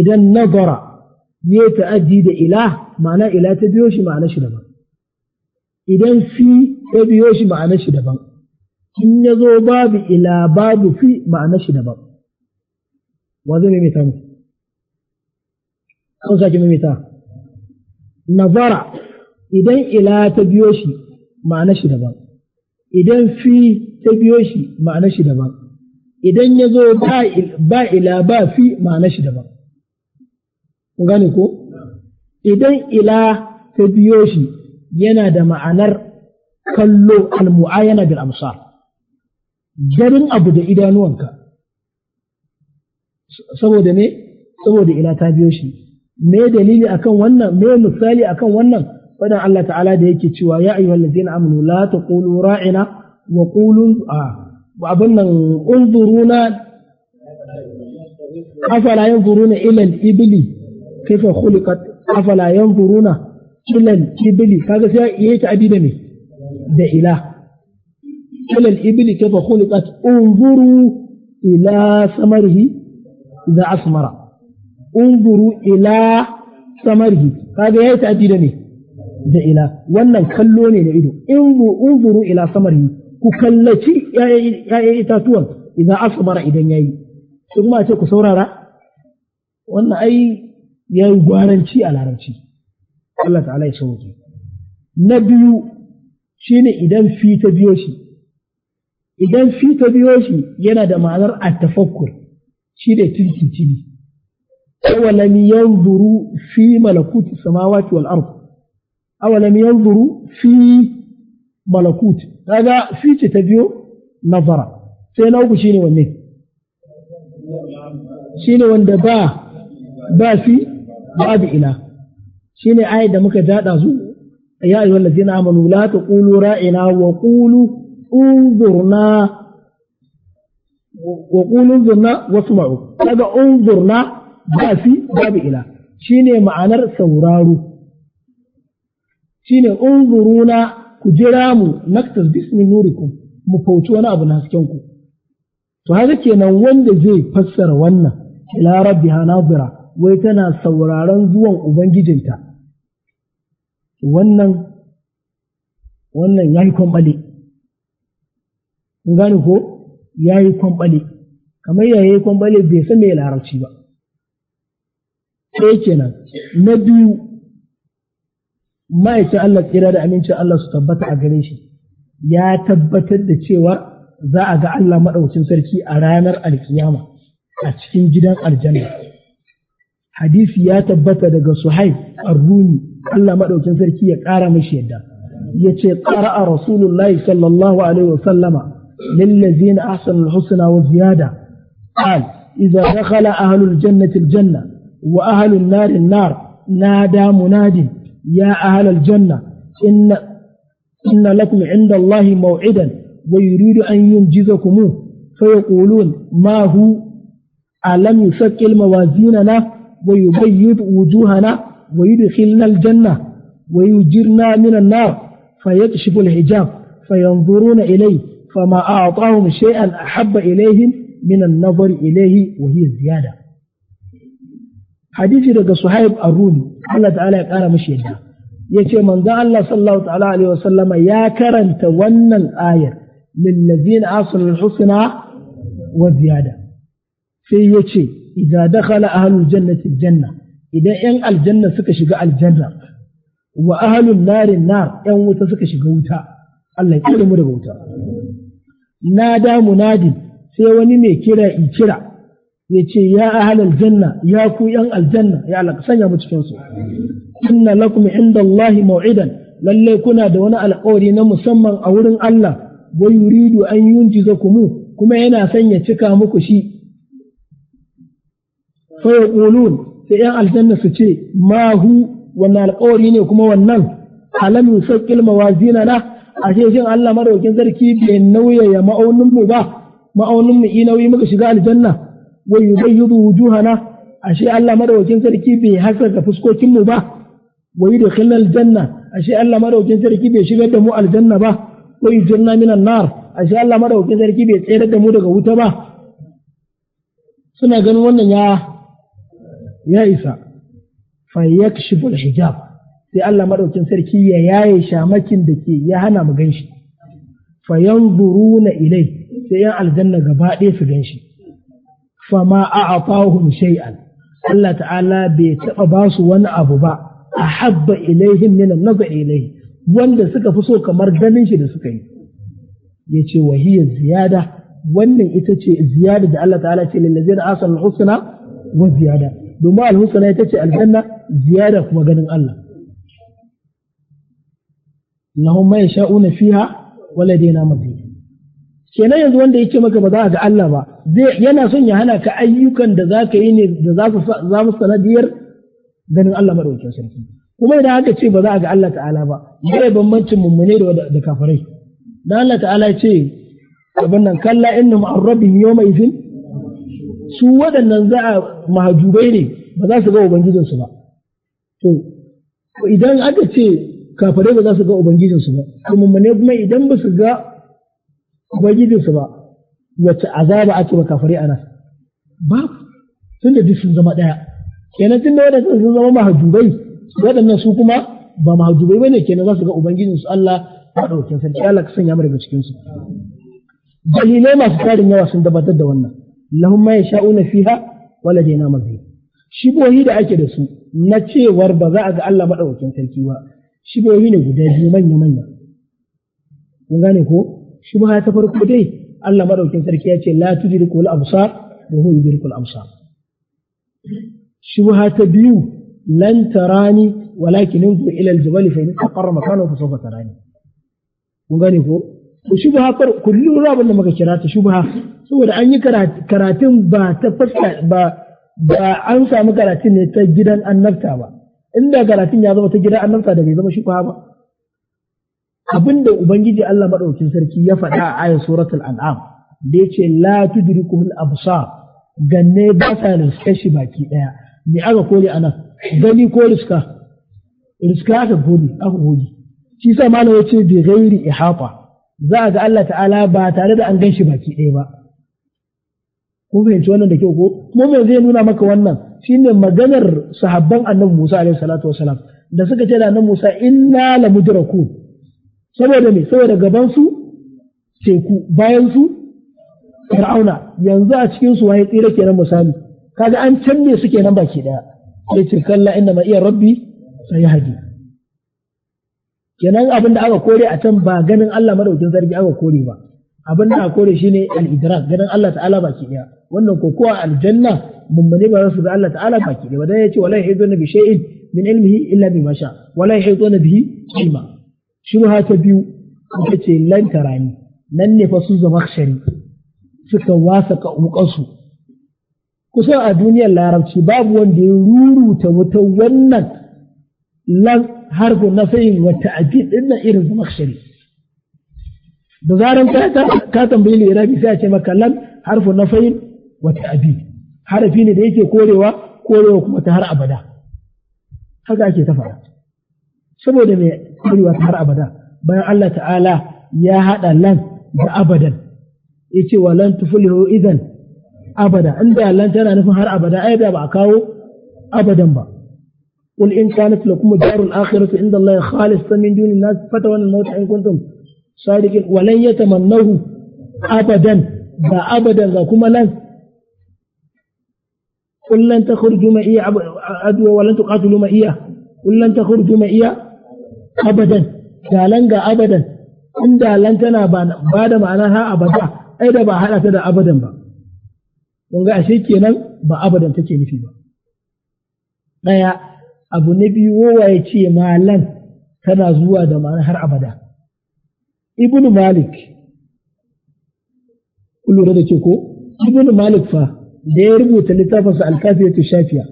idan nazara ya ta'addi da ila ma'ana ila ta biyo shi ma'ana shi daban idan fi ta biyo shi ma'ana shi daban in ya zo babu ila babu fi ma'ana shi daban wa mai maimaita mu an sake maimaita nazara idan ila ta biyo shi ma'ana shi daban idan fi ta biyo shi ma'ana shi daban idan ya zo ba ila ba fi ma'ana shi daban kun gane ko idan ila ta biyo shi yana da ma'anar kallo al muayyana bil amsar garin abu da idanuwanka saboda me saboda ila ta biyo shi me dalili akan wannan me misali akan wannan fadan Allah ta'ala da yake cewa ya ayyuhal ladina amanu la taqulu ra'ina wa qulu wa abun nan unzuruna afala yanzuruna ila al-ibli kaifa khuliqat afala yanzuruna ila al-ibli kaga sai yayi ta'abi da me da ila ila al-ibli kaifa khuliqat unzuru ila samarihi إذا أثمر انظروا ila ثمره هذا يأتي تأتي دمي da Da ila wannan kallo ne da ido unzuru ila samari ku kallaci ‘ya'yan itatuwan idan asubara idan ya yi su kuma ce ku saurara wannan ai ya yi gwaranci a larabci Allah ta'ala ya sauke na biyu shi ne idan fi ta biyo shi idan fi ta biyo shi yana da ma'anar a tafakkur shi ne tirkicini awalam yanzuru fi malakuti samawati wal ard awalam yanzuru fi malakut kaga fi ce ta biyo nazara sai na uku shine wanne shine wanda ba ba fi babu ila shine ayat da muka dada su ya ayyuhallazina amanu la taqulu ra'ina wa qulu unzurna wa qulun zurna wasu ma'u kaga unzurna ba fi babu ila shine ma'anar sauraro shine unzuruna na jira mu naktas bismi nurikum mu fauci wani abu hasken ku to haka kenan wanda zai fassara wannan ila rabbiha nazira wai tana sauraron zuwan ubangijinta wannan wannan yayi kwambale kun gane ko ya yi kwamɓale kamar ya yi kwamɓale bai san mai larabci ba ɗaya kenan na biyu ma'aikin Allah tsira da amincin Allah su tabbata a gare shi ya tabbatar da cewa za a ga Allah maɗaukacin sarki a ranar alkiyama a cikin gidan aljanna hadisi ya tabbata daga suhaib arruni Allah maɗaukin sarki ya ƙara mashi yadda ya ce ƙara a rasulullahi sallallahu alaihi wasallama للذين أحسنوا الحسنى والزيادة قال إذا دخل أهل الجنة الجنة وأهل النار النار نادى مناد يا أهل الجنة إن إن لكم عند الله موعدا ويريد أن ينجزكموه فيقولون ما هو ألم يثقل موازيننا ويبيض وجوهنا ويدخلنا الجنة ويجرنا من النار فيكشف الحجاب فينظرون إليه فما أعطاهم شيئا أحب إليهم من النظر إليه وهي الزيادة حديث دقى صحيب الرومي الله تعالى يقال مش يدعى يتي من ذا الله صلى الله تعالى عليه وسلم يا كرن تولى الآية للذين أصلوا الحسنى والزيادة في يتي إذا دخل أهل الجنة الجنة إذا أن الجنة سكشق الجنة وأهل النار النار أن وتسكشق وتا الله يكلم ودقوتا nada munadi sai wani mai kira in kira ya ce ya ahalar janna ya ku yan aljanna ya Allah sanya mu cikin su inna lakum indallahi mau'idan lalle kuna da wani alƙawari na musamman a wurin Allah wa yuridu an kumu kuma yana son ya cika muku shi fa yaqulun sai yan aljanna su ce ma hu wannan alƙawari ne kuma wannan halamin sakil mawazina na ashe shin Allah madaukin sarki bai nauyaya ma'aunin mu ba ma'aunin mu nauyi muka shiga aljanna wa yubayyidu wujuhana ashe Allah madaukin sarki bai haskaka fuskokin mu ba da yudkhilna aljanna ashe Allah madaukin sarki bai shigar da mu aljanna ba Wai janna minan nar ashe Allah madaukin sarki bai tsayar da mu daga wuta ba suna ganin wannan ya ya isa fa yakshifu hijab sai Allah maɗaukin sarki ya yaye shamakin da ke ya hana mu shi. fa yanzuruna ilai sai yan aljanna gaba ɗaya su shi. fa ma a'atahum shay'an Allah ta'ala bai taɓa ba su wani abu ba ahabba ilaihim min an-nazar ilaihi wanda suka fi so kamar ganin shi da suka yi yace wa hiya ziyada wannan ita ce ziyada da Allah ta'ala ce lil ladzina asal husna wa ziyada domin al ita ce aljanna ziyada kuma ganin Allah lahum ma yasha'una fiha wa ladaina kenan yanzu wanda yake maka ba za ka ga Allah ba zai yana son ya hana ka ayyukan da za ka yi ne da za su za mu sanadiyar ganin Allah madaukakin sarki kuma idan aka ce ba za a ga Allah ta'ala ba bai bambancin mummune da da kafirai dan Allah ta'ala ce abin nan kalla inna ma'arrabin yawma idin su waɗannan za a mahajubai ne ba za su ga ubangijinsu ba to idan aka ce kafirai ba za su ga ubangijinsu ba kuma mun kuma idan ba su ga ubangijinsu ba wace azaba ake ba kafirai ana ba tun da duk sun zama daya kenan tun da wadannan sun zama mahajubai waɗannan su kuma ba mahajubai bane kenan za su ga ubangijinsu Allah ba madaukin sarki Allah ka sanya mu daga cikin su dalilai masu tarin yawa sun dabatar da wannan lahum ma yasha'una fiha wala dayna mazid shibohi da ake da su na cewar ba za a ga Allah madaukin sarki ba shibohi ne guda biyu manya manya kun gane ko shubha ta farko dai Allah madaukin sarki ya ce la tudriku al absar wa huwa yudriku al absar shubha ta biyu lan tarani walakin inzu ila al jabal fa in aqarra makanahu fa sawfa tarani kun gane ko ko shubha far kullu rabin da muka kira ta shubha saboda an yi karatun ba ta ba ba an samu karatun ne ta gidan annabta ba inda galatin ya zama ta gidan annabta da bai zama shubha ba abinda ubangiji Allah madaukin sarki ya faɗa a ayat suratul an'am da yace la tudrikuhul absar ganne ba ta riske shi baki daya me aka kore anan gani ko riska riska aka gode aka gode shi sa malam yace bi ghairi ihata za a ga Allah ta'ala ba tare da an gan shi baki daya ba ko ji wannan da kyau ko kuma bai zai nuna maka wannan shine maganar sahabban annabi Musa alaihi salatu wasalam da suka ce da annabi Musa inna la mudraku saboda me saboda gaban su teku bayan su Fir'auna yanzu a cikin su waye tsira kenan misali kaga an canne suke nan baki daya sai ce kalla inna ma iya rabbi sai hadi kenan abin da aka kore a can ba ganin Allah madaukin zargi aka kore ba abin da akore shine al-idrak ganin Allah ta'ala ba baki daya wannan ko kowa aljanna mummuni ba su ga Allah ta'ala ba baki daya dan yace wala yahiduna bi shay'in min ilmihi illa bima sha wala yahiduna bihi ilma shubha ta biyu ita ce lan karami, nan ne fa su zama shari suka wasa ka su. kusan a duniyar larabci babu wanda ya ruruta wata wannan lan harfin na sayin wata abin din irin zama shari'a da zaran ka tambayi lirabi sai a ce maka lan harfu nafayin wa ta'abi harafi ne da yake korewa korewa kuma ta har abada haka ake ta fara saboda mai korewa ta har abada bayan Allah ta'ala ya hada lan da abadan yace wa lan tuflihu idan abada inda lan tana nufin har abada ai da ba a kawo abadan ba قل إن كانت لكم الدار الآخرة عند الله خالصة من دون الناس فتوى الموت إن كنتم sadiqin walan ya tamannahu abadan ba abadan ga kuma nan kullan ta khurju ma iya adwa walan ta qatlu ma iya kullan ta khurju ma iya abadan dalan ga abadan in dalan tana ba da ma'ana ha abada ai da ba hada ta da abadan ba kun ga ashe kenan ba abadan take nufi ba daya abu na biyu wowa ya ce malan tana zuwa da ma'ana har abada ibnu malik ku lura da ke ko ibnu malik fa da ya rubuta littafinsa ta shafiya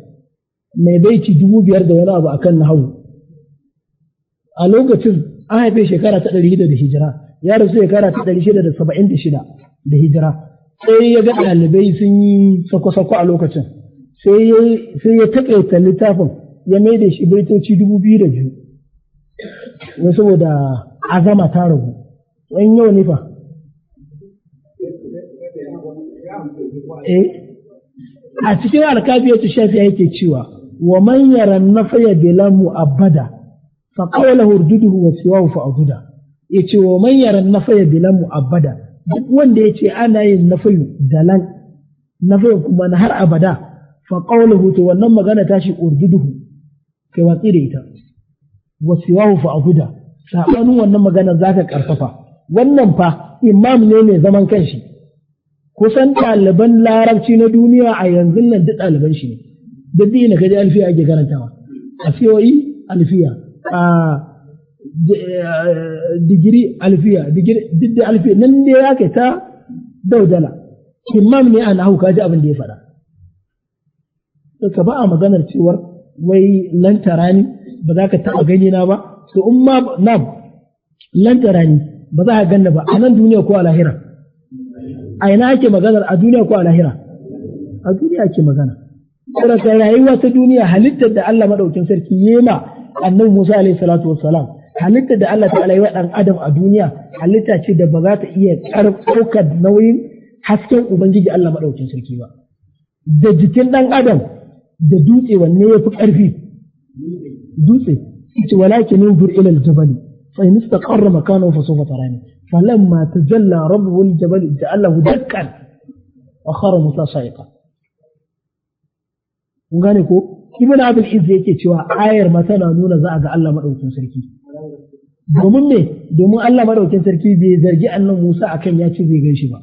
mai baiti dubu biyar da wani abu akan nahawu a lokacin an haife shekara ta ɗari shida da hijira ya rasu shekara ta ɗari shida da saba'in da shida da hijira sai ya ga ɗalibai sun yi sako-sako a lokacin sai ya taƙaita littafin ya mai da shi baitoci dubu biyu da biyu wai saboda azama ta ragu wani yau ne fa eh, a cikin alkafiyatu shafi yake cewa wa man yara nafaya bila abada fa qawla hurduduhu wa siwahu fa ya ce wa man yara nafaya bila mu'abbada duk wanda ya ce ana yin na nafayu dalan fayu kuma na har abada fa qawluhu to wannan magana ta shi urduduhu kai watsi da ita wa siwahu fa azuda sabanin wannan magana zaka karfafa wannan fa imam ne mai zaman kanshi kusan ɗaliban larabci na duniya a yanzu nan duk ɗaliban shi ne duk na kaji alfiya ake karantawa a fiyoyi alfiya a eh, digiri alfiya digiri da alfiya nan ne ya ke ta daudala imam ne a nahu kaji abin da ya faɗa ka ba a maganar cewar wai lantara ni ba za ka taɓa gani na ba to in ma na lantara ni ba za ka ganna ba a nan duniya ko a lahira a ina ake maganar a duniya ko a lahira a duniya ake magana saboda rayuwa ta duniya halittar da Allah madaukin sarki yema annabi Musa alaihi salatu wassalam halittar da Allah ta'ala yi wa dan adam a duniya halitta ce da ba za ta iya karɓar nauyin hasken ubangiji Allah madaukin sarki ba da jikin dan adam da dutse wanne ya fi ƙarfi dutse ce walakin yin jabali فإن استقر مكانه فسوف تراني فلما تجلى ربه الجبل جعله دكا وخر موسى صعقا kun gane ko ibn abul izz yake cewa ayar ma tana nuna za a ga Allah madaukakin sarki domin me domin Allah madaukakin sarki bai zargi annan Musa akan ya ce zai shi ba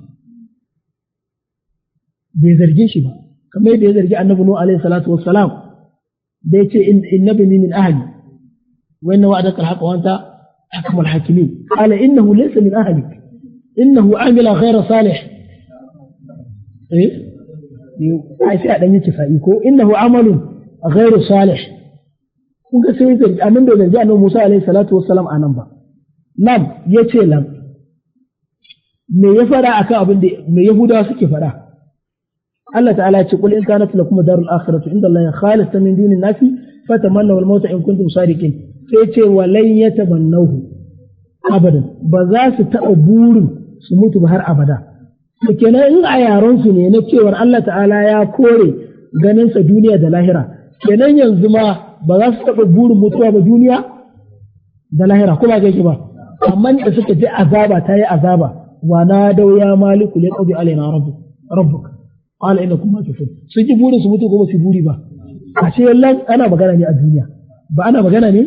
bai zarge shi ba kamar yadda ya zargi annabi nuhu alaihi salatu wassalam da yace inna bani min ahli wa inna wa'adaka al-haqq wa anta أحكم الحاكمين قال إنه ليس من أهلك إنه عمل غير صالح إيه sai a ɗan yi kifa'i ko innahu amalun ghairu salih kun ga sai zai anan bai zargi annabi Musa alaihi salatu wassalam anan ba nan yace nan me ya fara akan abin da me yahudawa suke faɗa? Allah ta'ala ya ce qul in kanat lakum darul inda Allah khalisatan min fatamannaw al-maut in kuntum sadiqin sai ce walan yatamannahu abadan ba za su taɓa burin su mutu ba har abada to kenan in a yaron su ne na cewar Allah ta'ala ya kore ganin sa duniya da lahira kenan yanzu ma ba za su taɓa burin mutuwa ba duniya da lahira kuma ga shi ba amma ne suka ji azaba ta yi azaba wa na dau ya maliku li qadi alaina rabbuk rabbuk qala innakum makithun sun ji burin su mutu ko ba su buri ba ashe yallan ana magana ne a duniya ba ana magana ne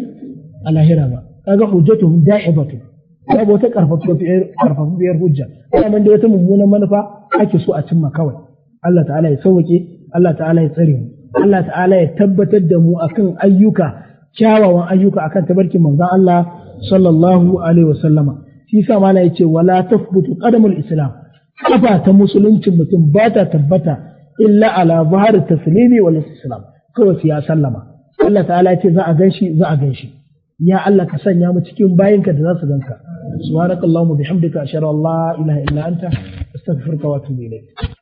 a lahira ba kaga hujjatuhum da'ibatu babu wata karfafafiyar hujja ana man da wata mummunan manufa ake so a cimma kawai Allah ta'ala ya sauke Allah ta'ala ya tsare mu Allah ta'ala ya tabbatar da mu akan ayyuka kyawawan ayyuka akan tabarkin manzon Allah sallallahu alaihi wasallama shi yasa mala yace wala tafbutu qadamul islam kafa ta musuluncin mutum ba ta tabbata illa ala zahar taslimi wal islam kawai ya sallama Allah ta'ala ce za a ganshi za a ganshi ya Allah ka sanya mu cikin bayinka da za su ganka subhanakallahumma bihamdika ashhadu an la ilaha illa anta astaghfiruka wa atubu ilayk